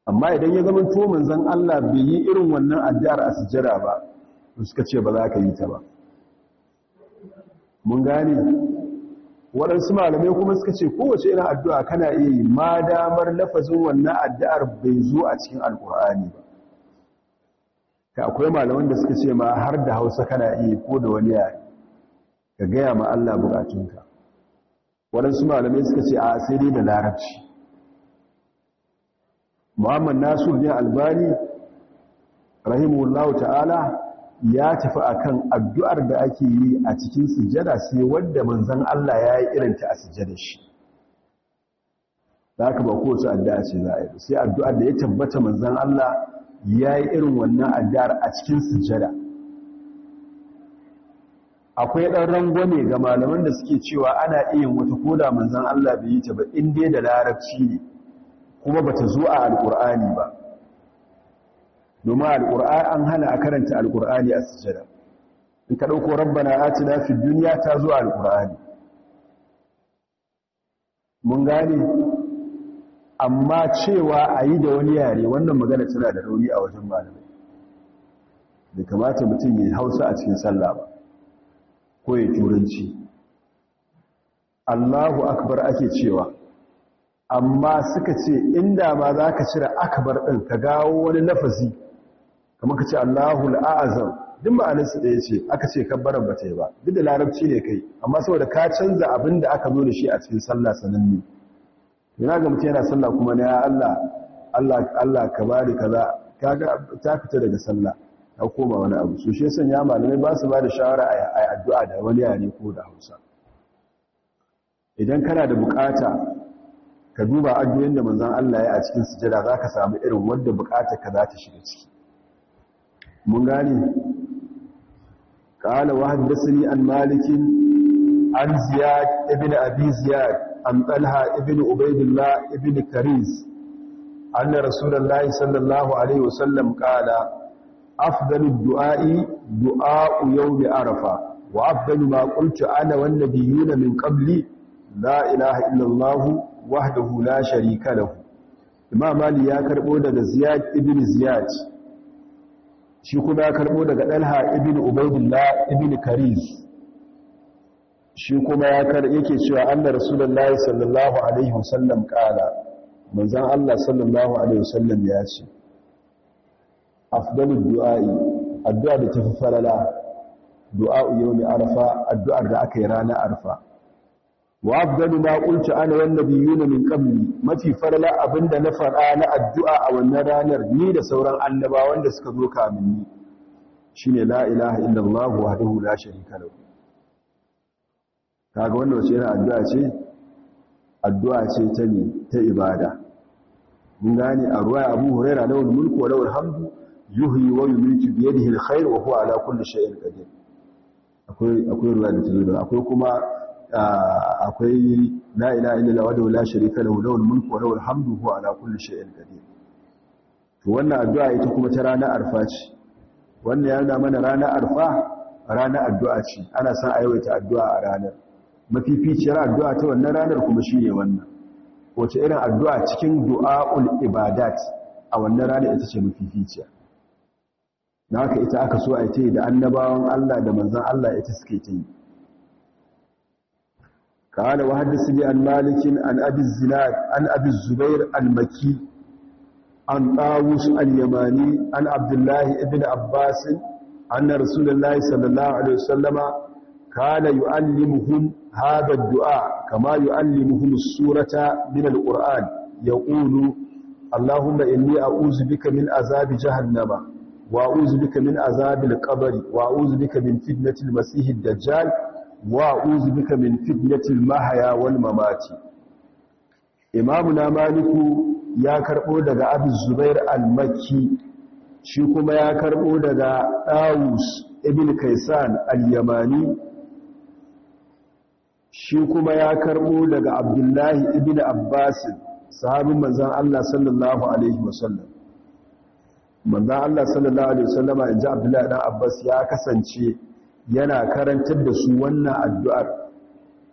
amma idan ya zama to manzon Allah bai yi irin wannan addu'ar a sujjada ba suka ce ba za ka yi ta ba mun gane waɗansu malamai kuma suka ce kowace irin addu'a kana iya yi ma damar lafazin wannan addu'ar bai zo a cikin alkur'ani ba ka akwai malaman da suka ce ma har da hausa kana iya ko da wani yare ka gaya ma Allah bukatunka waɗansu malamai suka ce a sai dai da larabci muhammad nasir ne albani rahimahullahu ta'ala ya tafi akan addu'ar da ake yi a cikin sujada sai wadda manzan Allah ya yi irinta a sujada shi za ka ba kowace addu'a ce za a yi sai addu'ar da ya tabbata manzan Allah ya yi irin wannan addu'ar a cikin sujada akwai ɗan rangwame ga malaman da suke cewa ana iya wata koda manzan Allah bai yi ta ba in dai da larabci ne kuma bata zo a alkur'ani ba domin alkur'ani an hana a karanta alkur'ani a sujada in ka ɗauko rabbana atina fi duniya ta zo a alkur'ani mun gane amma cewa a yi da wani yare wannan magana tana da rauni a wajen malamai Bai kamata mutum ya hausa a cikin sallah ba ko ya turanci allahu akbar ake cewa amma suka ce inda ma za ka cire akabar ɗin ka gawo wani lafazi kamar ka ce allahul a'azam duk ma'anarsu ɗaya ce aka ce kabbaran ba ta yi ba duk da larabci ne kai amma saboda ka canza abin da aka zo da shi a cikin sallah sananne yana ga mutum yana sallah kuma na ya allah allah allah ka bari kaza kaga ta fita daga sallah ta koma wani abu so shi ya sanya malamai ba su ba da shawara a addu'a da wani yare ko da hausa idan kana da bukata ka duba addu'in da manzon Allah yi a cikin sujada ka samu irin wanda bukatarka za ta shiga ciki mun gane qala wa hadathani an malik an ziyad ibn abi ziyad an talha ibn ubaydillah ibn kariz anna rasulullah sallallahu alaihi wasallam qala afdalu du'a'i du'a'u yawm arafa wa afdalu ma qultu ana wan nabiyuna min qabli la ilaha illa wahdahu la sharika lahu imam mali ya karbo daga ziyad ibn ziyad shi kuma ya karbo daga dalha ibn ubaydullah ibn kariz shi kuma ya kar yake cewa annar rasulullahi sallallahu alaihi wasallam kala manzon Allah sallallahu alaihi wasallam ya ce afdalud du'a'i addu'a da tafi farala du'a yawmi arfa addu'ar da aka yi ranar arfa wa afdalu ma ana wan nabiyuna min qabli mafi farla abinda na fara na addu'a a wannan ranar ni da sauran annaba wanda suka zo kamin ni shine la ilaha illallah wahdahu la sharika lahu kaga wannan wace yana addu'a ce addu'a ce ta ne ta ibada mun gane a ruwa Abu na lawal mulku wa lawal hamdu yuhyi wa yumiitu bi yadihi alkhair wa huwa ala kulli shay'in qadir akwai akwai ruwa da tazo akwai kuma akwai la ilaha illallah wa la sharika lahu mulku wa lahul hamdu huwa ala kulli shay'in qadir to wannan addu'a ita kuma ta rana arfa ce wannan yana mana rana arfa rana addu'a ce ana san aiwata addu'a a ranar mafificiyar addu'a ta wannan ranar kuma shine wannan wace irin addu'a cikin du'a'ul ibadat a wannan ranar ita ce mafificiya na haka ita aka so a yi ta yi da annabawan Allah da manzan Allah ita suke ta yi قال وحدثني عن مالك عن أبي الزناد عن أبي الزبير المكي عن طاووس اليماني عن عبد الله بن عباس أن رسول الله صلى الله عليه وسلم كان يعلمهم هذا الدعاء كما يعلمهم السورة من القرآن يقول اللهم إني أعوذ بك من عذاب جهنم وأعوذ بك من عذاب القبر وأعوذ بك من فتنة المسيح الدجال wa uzu bika min fitnatil mahaya wal mamati imamu na maliku ya karbo daga abu zubair al-makki shi kuma ya karbo daga dawus ibn kaisan al-yamani shi kuma ya karbo daga abdullahi ibn abbas sahabin manzon Allah sallallahu alaihi wasallam manzon Allah sallallahu alaihi ya ji abdullahi dan abbas ya kasance yana karantar da su wannan addu'ar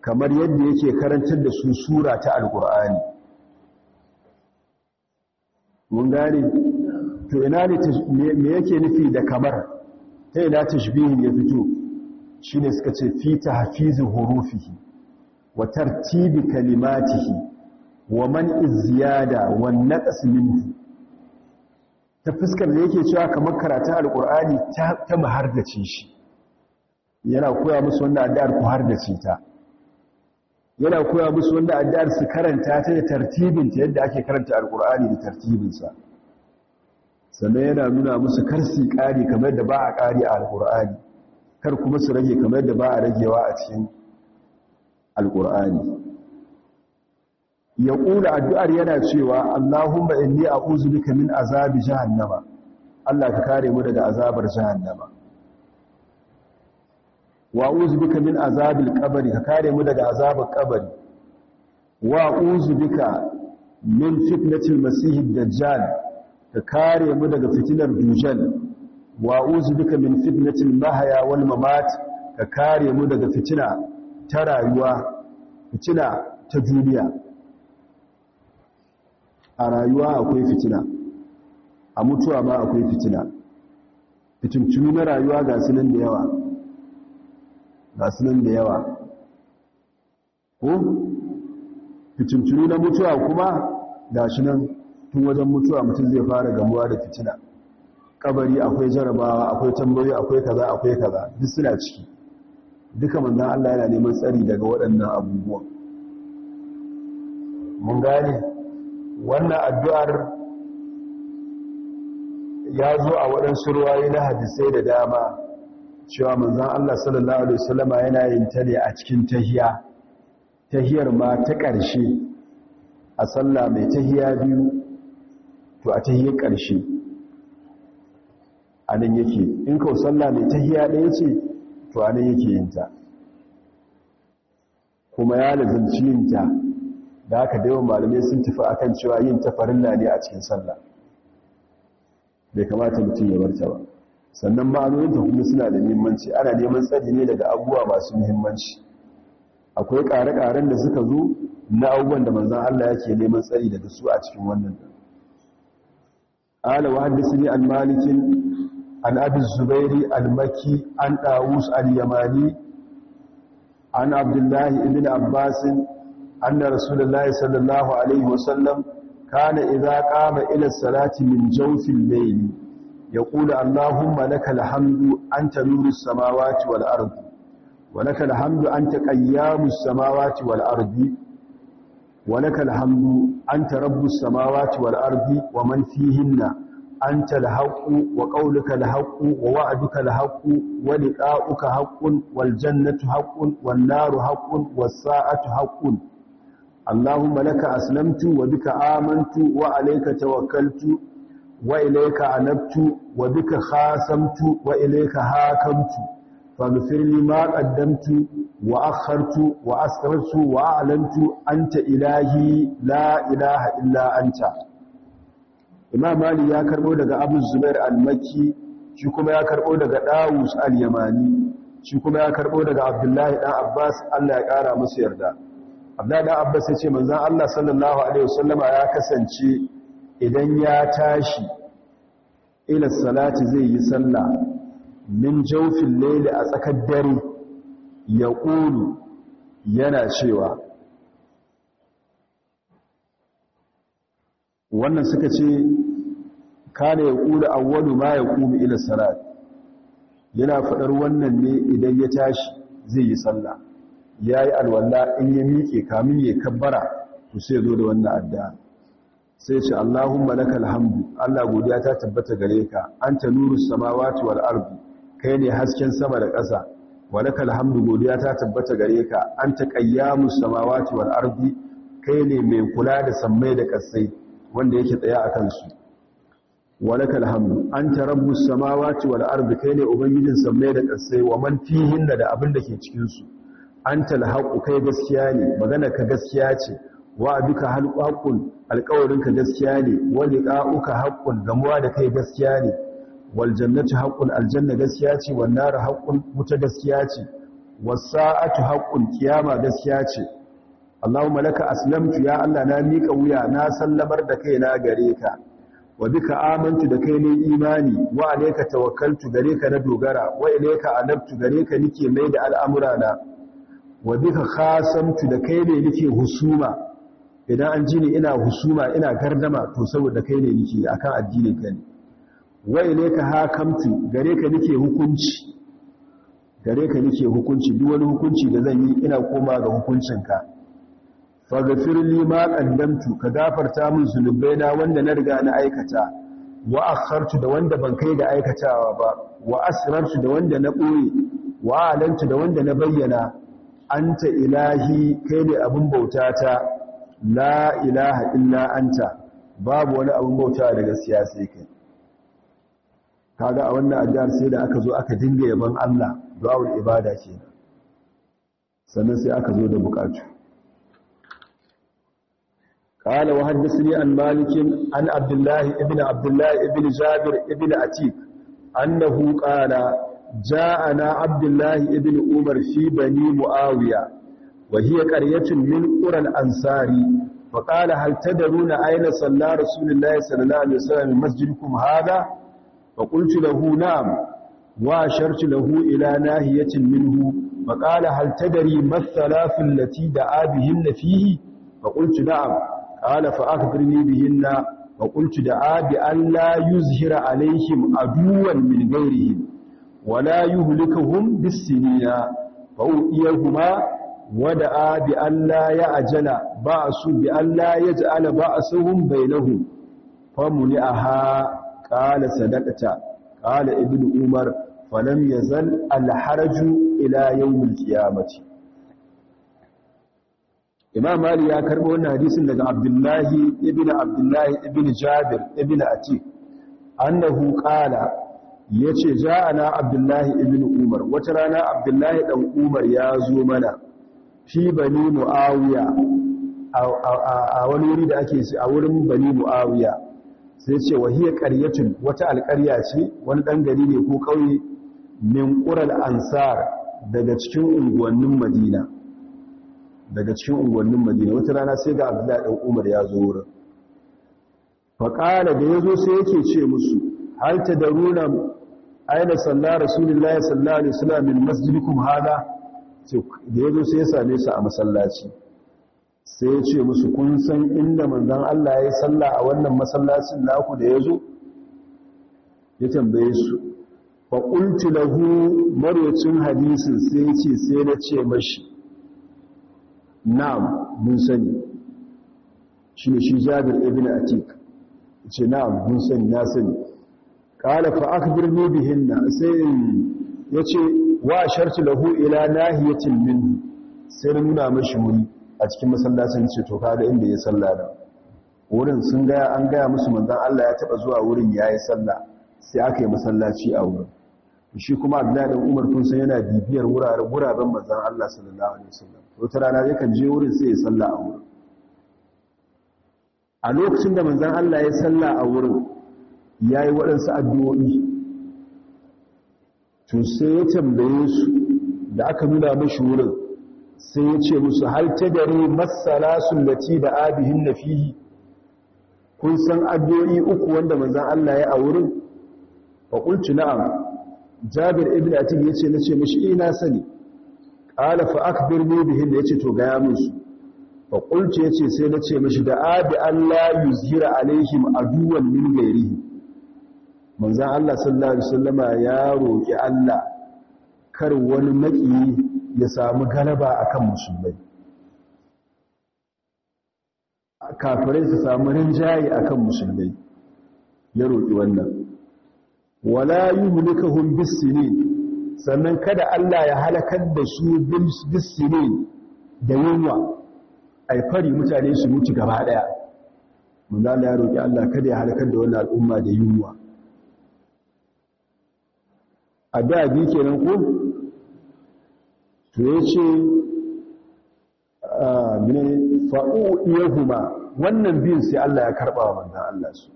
kamar yadda yake karantar da su sura ta alkur'ani mun gane to ina ne me yake nufi da kamar ta ina tashbihin ya fito shine suka ce fi hafizin hurufihi wa tartibi kalimatihi wa man iziyada, wa naqas minhu ta fuskar da yake cewa kamar karatun alkur'ani ta mahardace shi yana koya musu wannan addu'ar ku har da cita. yana koya musu wannan addu'ar su karanta ta da tartibinta yadda ake karanta alqur'ani da tartibin sa sannan yana nuna musu kar su kari kamar da ba a kari a alqur'ani kar kuma su rage kamar da ba a ragewa a cikin alqur'ani ya ƙula addu'ar yana cewa Allahumma inni a uzubika min azabi jahannama Allah ka kare mu daga azabar jahannama wa uzu bika min azabil qabri ka kare mu daga azabar qabri wa uzu bika min fitnatil masih dajjal ka kare mu daga fitinar dujjal wa uzu bika min fitnatil mahya wal mamat ka kare mu daga fitina ta rayuwa fitina ta duniya a rayuwa akwai fitina a mutuwa ma akwai fitina fitintunu na rayuwa ga sunan da yawa ga sunan da yawa ko ficincini na mutuwa kuma ga shi nan tun wajen mutuwa mutum zai fara gamuwa da fitina kabari akwai jarabawa akwai tambayi, akwai kaza akwai kaza duk suna ciki duka manzan Allah yana neman tsari daga waɗannan abubuwa mun gane wannan addu'ar ya zo a waɗansu ruwaye na hadisai da dama cewa manzon Allah sallallahu alaihi wasallama yana yin ta ne a cikin tahiya tahiyar ma ta ƙarshe a sallah mai tahiya biyu to a tahiyar ƙarshe a nan yake in kawo sallah mai tahiya ɗaya ce to a nan yake yinta kuma ya lazarci yinta da haka da yawan malamai sun tafi akan cewa yin ta farilla ne a cikin sallah bai kamata mutum ya barta ba sannan ma'anoninta kuma suna da muhimmanci ana neman tsari ne daga abubuwa masu muhimmanci akwai ƙare-ƙaren da suka zo na abubuwan da manzan Allah yake neman tsari daga su a cikin wannan ala wa ne an malikin an abi zubairi al-maki an ɗawus al-yamani an abdullahi ibn an da rasulullahi sallallahu alaihi wasallam kana idza kama ila salati min jawfil layli يقول اللهم لك الحمد أنت نور السماوات والأرض ولك الحمد أنت قيام السماوات والأرض ولك الحمد أنت رب السماوات والأرض ومن فيهن أنت الحق وقولك الحق ووعدك الحق ولقاؤك حق والجنة حق والنار حق والساعة حق اللهم لك أسلمت وبك آمنت وعليك توكلت wa ilayka anabtu wa bika khasamtu wa ilayka hakamtu faghfir li ma qaddamtu wa akhartu wa asrartu wa a'lantu anta ilahi la ilaha illa anta imam mali ya karbo daga abu zubair al-makki shi kuma ya karbo daga dawus al-yamani shi kuma ya karbo daga abdullahi dan abbas Allah ya kara musu yarda abdullahi dan abbas yace manzon Allah sallallahu alaihi wasallama ya kasance idan ya tashi ila salati zai yi sallah min jawfin layli a tsakar dare ya ƙulu yana cewa wannan suka ce kana ya ƙulu awwalu ma ya ƙulu ila salati yana faɗar wannan ne idan ya tashi zai yi salla ya yi alwala in ya miƙe kamin ya kabbara to sai zo da wannan addu'a sai ce Allahumma lakal hamdu Allah godiya ta tabbata gare ka anta nurus samawati wal ardi kai ne hasken sama da ƙasa wa hamdu godiya ta tabbata gare ka anta ƙayyamu, samawati wal ardi kai ne mai kula da samai da ƙasai wanda yake tsaya a kansu wa lakal anta rabbus samawati wal ardi kai ne ubangijin samai da ƙasai wa man fihinna da abin da ke cikin su anta al kai gaskiya ne magana ka gaskiya ce wa duka halqaqul alqawarinka gaskiya ne wa liqa'uka haqqun gamuwa da kai gaskiya ne waljannatu jannatu aljanna gaskiya ce wannan nar wuta gaskiya ce wasa'atu sa'atu kiyama gaskiya ce Allahumma laka aslamtu ya Allah na mika wuya na sallamar da kai na gare ka wa duka amantu da kai ne imani wa alayka tawakkaltu gare ka na dogara wa ilayka anabtu gare ka nike mai da na? wa duka khasamtu da kai ne nike husuma idan an ji ni ina husuma ina gardama to saboda kai ne nake akan addinin ka ne wai ne ka hakamtu gare ka nake hukunci gare ka nake hukunci duk wani hukunci da zan yi ina koma ga hukuncin faghfir li ma qaddamtu ka gafarta min zunubaina wanda na riga na aikata wa akhartu da wanda ban kai da aikatawa ba wa asrartu da wanda na koyi wa alantu da wanda na bayyana anta ilahi kai ne abun bautata la ilaha illa anta babu wani abin bautawa da gaskiya sai kai kaga a wannan addu'ar sai da aka zo aka dinga yaban Allah du'aul ibada ce sannan sai aka zo da bukatu قال وحدثني عن مالك عن عبد الله ابن عبد الله ابن جابر ابن عتيق أنه قال جاءنا عبد الله ابن عمر في بني معاوية wa hiya qaryatun min qural ansari fa qala hal tadruna ayna salla rasulullahi sallallahu alaihi wasallam masjidukum hadha fa qultu lahu na'am wa ashartu lahu ila nahiyatin minhu fa qala hal tadri mathalathu allati da'a bihinna fihi fa qultu na'am qala fa akhbirni bihinna fa qultu da'a bi an la yuzhira alaihim aduwan min ghairihim ولا يهلكهم بالسنين فأوئيهما wada'a bi Allah ya ajala ba su bi Allah ya ja'ala ba bai lahu famuni aha ƙala sadata, ƙala ibnu umar falam ya zan alharaju ila yawm al imam mali ya karbo wannan hadisin daga abdullahi ibnu abdullahi ibnu jabir ibnu Ati, annahu qala yace ja'ana abdullahi ibn umar wata rana abdullahi dan umar ya zo mana fi bani mu'awiya a wani wuri da ake a wurin bani mu'awiya sai ce wahiyar ƙaryatun wata alƙarya ce wani ɗan gari ne ko ƙauye min ƙurar ansar daga cikin unguwannin madina daga cikin unguwannin madina wata rana sai ga abdullahi ɗan umar ya zo wurin faƙala da ya zo sai yake ce musu hal ta daruna aina sallara rasulullahi sallallahu alaihi wasallam min masjidikum hada da ya zo sai ya same su a masallaci sai ya ce musu kun san inda manzan Allah ya yi sallah a wannan masallacin naku da ya zo ya tambaye su fa da hu hadisin sai ya ce sai na ce mashi na'am mun sani ne shi Jabir ibn Atik ce na'am mun sani na sani Ƙalafa aka fa bihin na sai ya ce. wa sharci lahu ila nahiyatin min sai mun nuna mashi wuri a cikin masallacin ce to kaga inda ya salla da wurin sun gaya an gaya musu manzon Allah ya taba zuwa wurin yayi salla sai aka yi masallaci a wurin shi kuma Abdullahi Umar tun san yana bibiyar wuraren guraben manzon Allah sallallahu alaihi wasallam to tara na yakan je wurin sai ya salla a wurin a lokacin da manzon Allah ya salla a wurin yayi waɗansu addu'o'i to sai ya tambaye su da aka nuna mashi wurin sai ya ce musu har ta dare masana sunnati da abihin na fihi kun san addu'o'i uku wanda manzan Allah ya a wurin faƙulci na'am jabir ibn atik ya ce na ce mashi ina eh, sani ƙala fa akbir ni bihin da ya ce to gaya musu faƙulci ya ce sai na ce mashi da abi Allah yuzira alaihim aduwan min gairihi manzan Allah sallallahu Alaihi wasallama ya roƙi Allah kar wani maƙi ya samu galaba a kan musulmai kafirai su samu rinjaye a kan musulmai ya roƙi wannan wala yi bisini sannan kada Allah ya halakar da su bisini da yunwa a fari mutane su mutu gaba ɗaya manzan Allah ya roƙi Allah kada ya halakar da wani al'umma da yunwa A addu'a ke nan ko to yace ah ne fa'udiyahuma wannan biyun sai Allah ya karɓa wa manzan Allah su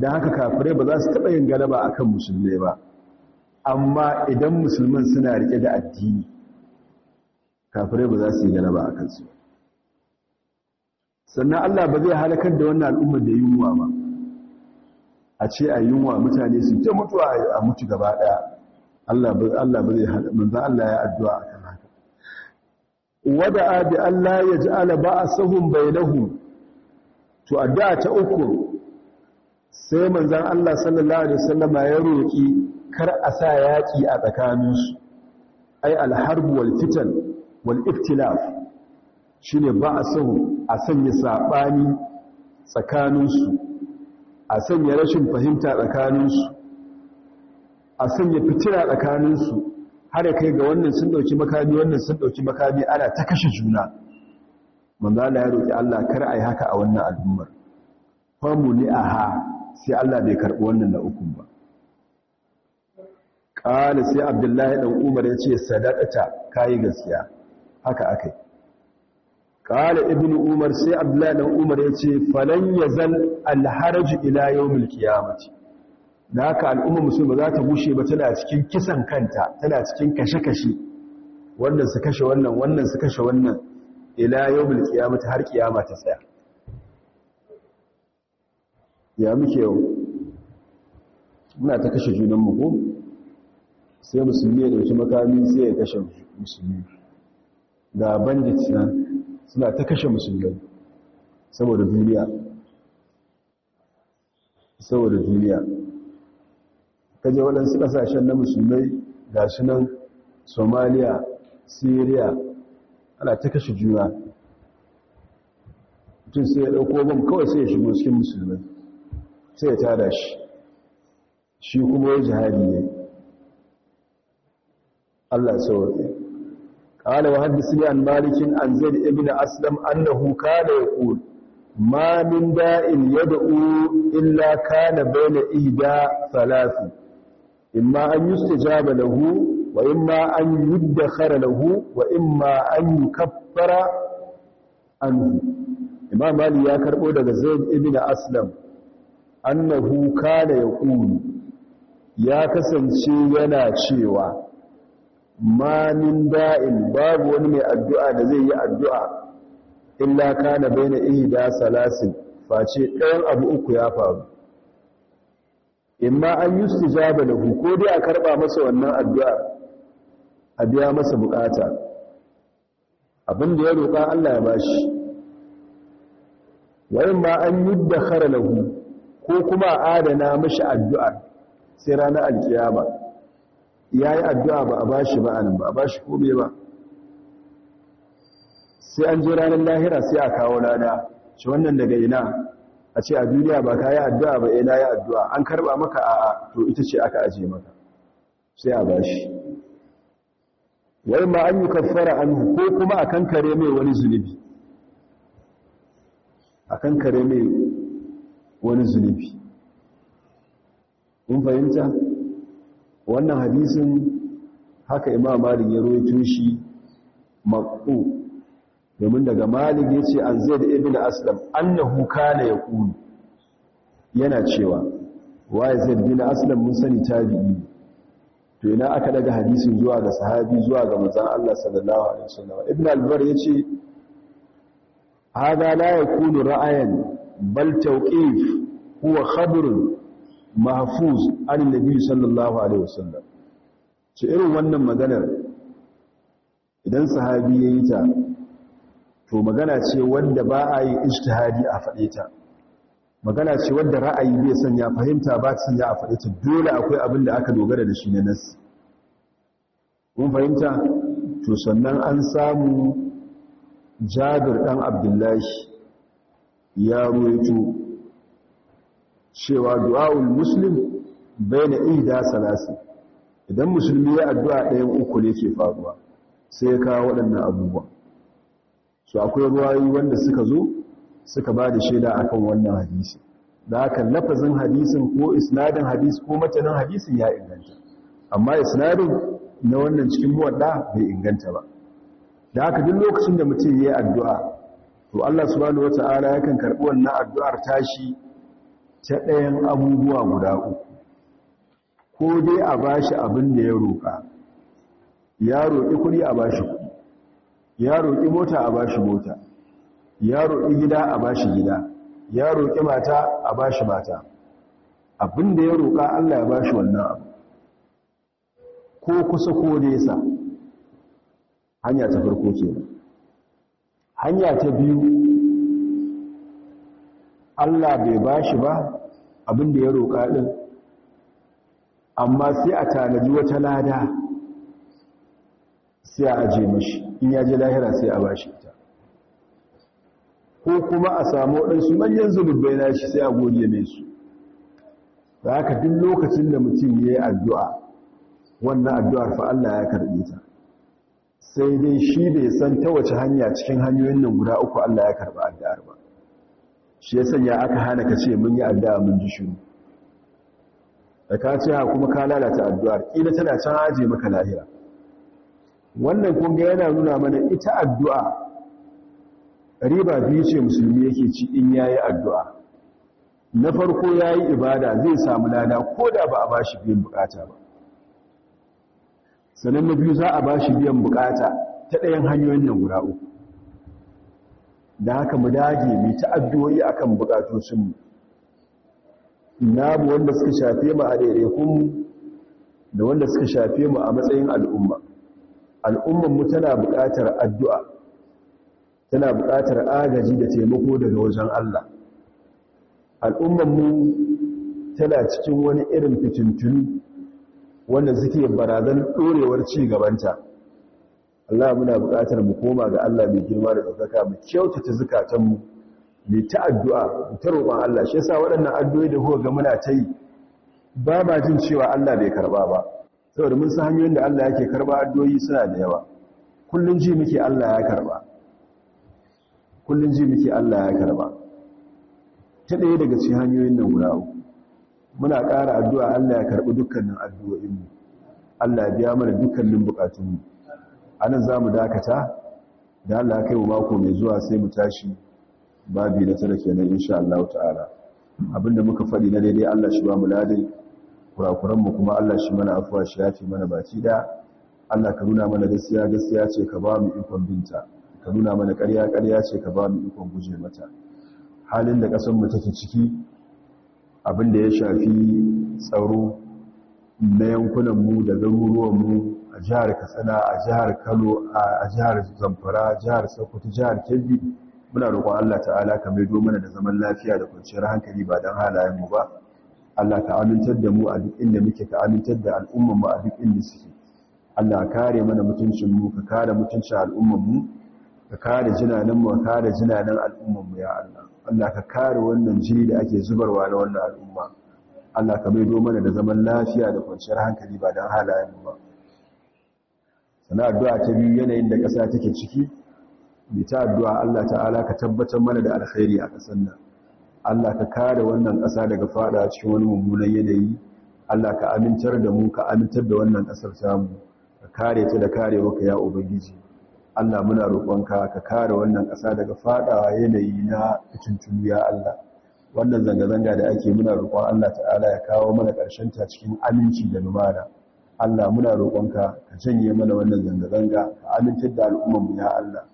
Da haka kafirai ba za su taɓa yin galaba a kan musulmai ba amma idan musulman suna rike da addini kafirai ba za su yi galaba a su sannan Allah ba zai halakar da wannan al'ummar da yunwa ba a ce a yunwa mutane su ta mutuwa a mutu gaba daya Allah ba zai hada manzo Allah ya addu'a akan haka wada'a bi Allah ya ja'ala ba'asahum bainahum to addu'a ta uku sai manzon Allah sallallahu alaihi wasallama ya roki kar a sa yaki a tsakaninsu ai al-harb wal fitan wal iftilaf shine ba'asahum a sanya sabani tsakaninsu a sanya rashin fahimta tsakaninsu a sanya fitira tsakaninsu har ya kai ga wannan sun ɗauki makami wannan sun ɗauki makami ana ta kashe juna manzala ya roƙi Allah kar a yi haka a wannan al'ummar Famu a aha sai Allah bai karɓi wannan na ukun ba ƙala sai abdullahi ɗan umar ya ce sadakata kayi gaskiya haka akai kala ibnu umar sai abdullahi dan umar ya ce falan yazal alharaj ila yawmil qiyamati da haka al'umma musulma za ta bushe ba tana cikin kisan kanta tana cikin kashe-kashe wannan su kashe wannan wannan su kashe wannan ila yawmil qiyamati har kiyama ta tsaya ya muke yau muna ta kashe junanmu ko sai musulmi ya dauki makami sai ya kashe musulmi ga bandits nan suna ta kashe musulmai saboda duniya saboda duniya kaje waɗansu ƙasashen na musulmai ga shi nan somaliya syria ana ta kashe juna tun sai ya ɗauko ban kawai sai ya shigo cikin musulmai sai ya tada shi shi kuma ya jihadi ne allah sauƙi قال وحدثني عن مالك عن زيد بن أسلم أنه كان يقول ما من داء يدعو إلا كان بين إيداء ثلاث إما أن يستجاب له وإما أن يدخر له وإما أن يكفر عنه إمام مالي يا كربو دغ زيد بن أسلم أنه كان يقول ya kasance yana cewa ma da'in babu wani mai addu'a da zai yi addu'a illa kana baina da salasin face ɗayan abu uku ya faru imma an yustijaba lahu ko dai a karba masa wannan addu'a a biya masa bukata abinda ya roƙa Allah ya bashi Wani ma an yuddakhara lahu ko kuma adana mashi addu'a sai ranar alkiyama ya yi addu'a ba a bashi ba anan ba a bashi kome ba sai an jira ranar lahira sai a kawo lada shi wannan daga ina a ce a duniya ba ka yi addu'a ba ina eh, yi addu'a an karba maka a to ita ce aka aje maka sai a bashi wai ma an yi kafara an ko kuma a kankare mai wani zunubi a kankare mai wani zunubi mun fahimta wannan hadisin haka imam malik ya rawaito shi maqtu domin daga malik ya ce an zaid ibn aslam annahu kana yaqulu yana cewa waye zaid ibn aslam mun sani tabi'i to ina aka daga hadisin zuwa ga sahabi zuwa ga manzon Allah sallallahu alaihi wasallam ibn al-bar ce, hada la yakunu ra'ayan bal tawqif huwa khabrun mahfuz an nabi sallallahu alaihi wasallam ce irin wannan maganar idan sahabi yayi ta to magana ce wanda ba a yi ijtihadi a faɗe ta magana ce wanda ra'ayi bai san ya fahimta ba san ya faɗe ta dole akwai abin da aka dogara da shi ne nas kun fahimta to sannan an samu Jabir dan Abdullahi ya ruwaito cewa du'a'ul muslim baina ihda salasi idan musulmi ya addu'a ɗayan uku ne ke faruwa sai ya kawo waɗannan abubuwa Su akwai ruwayoyi wanda suka zo suka ba da shaida akan wannan hadisi da haka lafazin hadisin ko isnadin hadisi ko matanin hadisin ya inganta amma isnadin na wannan cikin muwadda bai inganta ba da haka duk lokacin da mutum ya yi addu'a to Allah subhanahu wata'ala yakan karɓi wannan addu'ar tashi ta ɗayan abubuwa guda uku ko dai a bashi abin da ya roƙa ya roƙi kuɗi a ba shi kuɗi ya roƙi mota a ba shi mota ya roƙi gida a ba shi gida ya roƙi mata a ba shi mata abin da ya roƙa Allah ya ba shi wannan abu ko kusa ko nesa hanya ta farko ce hanya ta biyu Allah bai ba shi ba abin ya roƙa din amma sai a tanaji wata lada sai a aje mashi in ya je lahira sai a bashi ta ko kuma a samu waɗansu manyan zububbai na shi sai a goriya mai su da haka duk lokacin da mutum ya yi addu'a wannan addu'ar fa Allah ya karɓe ta sai dai shi bai san ta wace hanya cikin hanyoyin nan guda uku Allah ya karɓi addu'ar ba shi ya sanya aka hana ka ce mun yi addu'a mun ji shiru da ka ce ha kuma ka lalata addu'ar, kila tana can aje maka lahira wannan kun ga yana nuna mana ita addu'a riba biyu ce musulmi yake ci in yayi addu'a na farko yayi ibada zai samu lada ko da ba a bashi biyan bukata ba sannan na biyu za a ba shi biyan bukata ta ɗayan hanyoyin nan guda uku da haka mu dage mu ta addu'o'i akan bukatocinmu namu wanda suka shafe mu a daidaikunmu da wanda suka shafe mu a matsayin al'umma mu tana buƙatar addu'a tana buƙatar agaji da taimako daga wajen Allah mu tana cikin wani irin fitintunu wanda suke barazan ɗorewar ci gabanta Allah muna buƙatar mu koma ga Allah mai girma da tsaka mu kyautata zakatan mu ta addu'a mu ta roƙon Allah shi yasa waɗannan addu'o'i da kuka ga muna ta yi ba ba jin cewa Allah bai karba ba saboda mun san hanyoyin da Allah yake karba addu'o'i suna da yawa kullun ji muke Allah ya karba kullun ji muke Allah ya karba ta ɗaya daga cikin hanyoyin nan guda uku muna ƙara addu'a Allah ya karbi dukkanin addu'o'in mu Allah ya biya mana dukkanin buƙatun mu anan za mu dakata da Allah kai mu mako mai zuwa sai mu tashi babi na tara kenan insha Allah ta'ala abinda muka faɗi na daidai Allah shi ba mu ladai kurakuran mu kuma Allah shi mana afuwa shi yafi mana baci da Allah ka nuna mana gaskiya gaskiya ce ka ba mu ikon binta ka nuna mana ƙarya ƙarya ce ka ba mu ikon guje mata halin da ƙasar mu take ciki abinda ya shafi tsaro na yankunan mu da garuruwan mu a jihar katsina a jihar kano a jihar zamfara a jihar sokoto jihar kebbi muna roƙon allah ta'ala ka maido mana da zaman lafiya da kwanciyar hankali ba don halayen mu ba allah ka amintar da mu a duk inda muke ka amintar da al'umman mu a duk inda suke allah ka kare mana mutuncin mu ka kare mutuncin al'umman mu, ka kare mu ka kare al'umman mu ya allah allah ka kare wannan jini da ake zubarwa na wannan al'umma Allah ka maido mana da zaman lafiya da kwanciyar hankali ba don halayen mu ba. sana addu'a ta biyu yanayin da ƙasa take ciki mai ta addu'a Allah ta'ala ka tabbatar mana da alkhairi a ƙasar nan Allah ka kare wannan ƙasa daga fada cikin wani mummunan yanayi Allah ka amintar da mu ka amintar da wannan ƙasar samu ka kare ta da kare waka ya ubangiji Allah muna roƙonka ka kare wannan ƙasa daga fadawa yanayi na fitintunu ya Allah wannan zanga-zanga da ake muna roƙon Allah ta'ala ya kawo mana ƙarshen ta cikin aminci da lumana Allah muna roƙonka ka sanye mana wannan zanga-zanga ka amintar da al'ummarmu ya Allah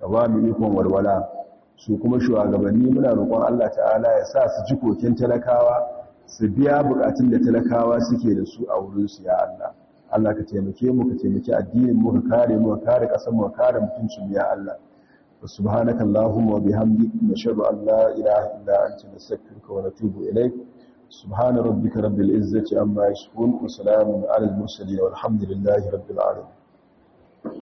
ka ba mu ikon walwala su kuma shugabanni muna roƙon Allah ta'ala ya sa su ji koken talakawa su biya buƙatun da talakawa suke da su a wurinsu ya Allah Allah ka taimake mu ka taimake addinin mu ka kare mu ka kare ƙasar mu ka kare mutuncin ya Allah subhanakallahumma wa bihamdika nashhadu an la ilaha illa anta nastaghfiruka wa natubu ilayk سبحان ربك رب العزة عما يصفون وسلام على المرسلين والحمد لله رب العالمين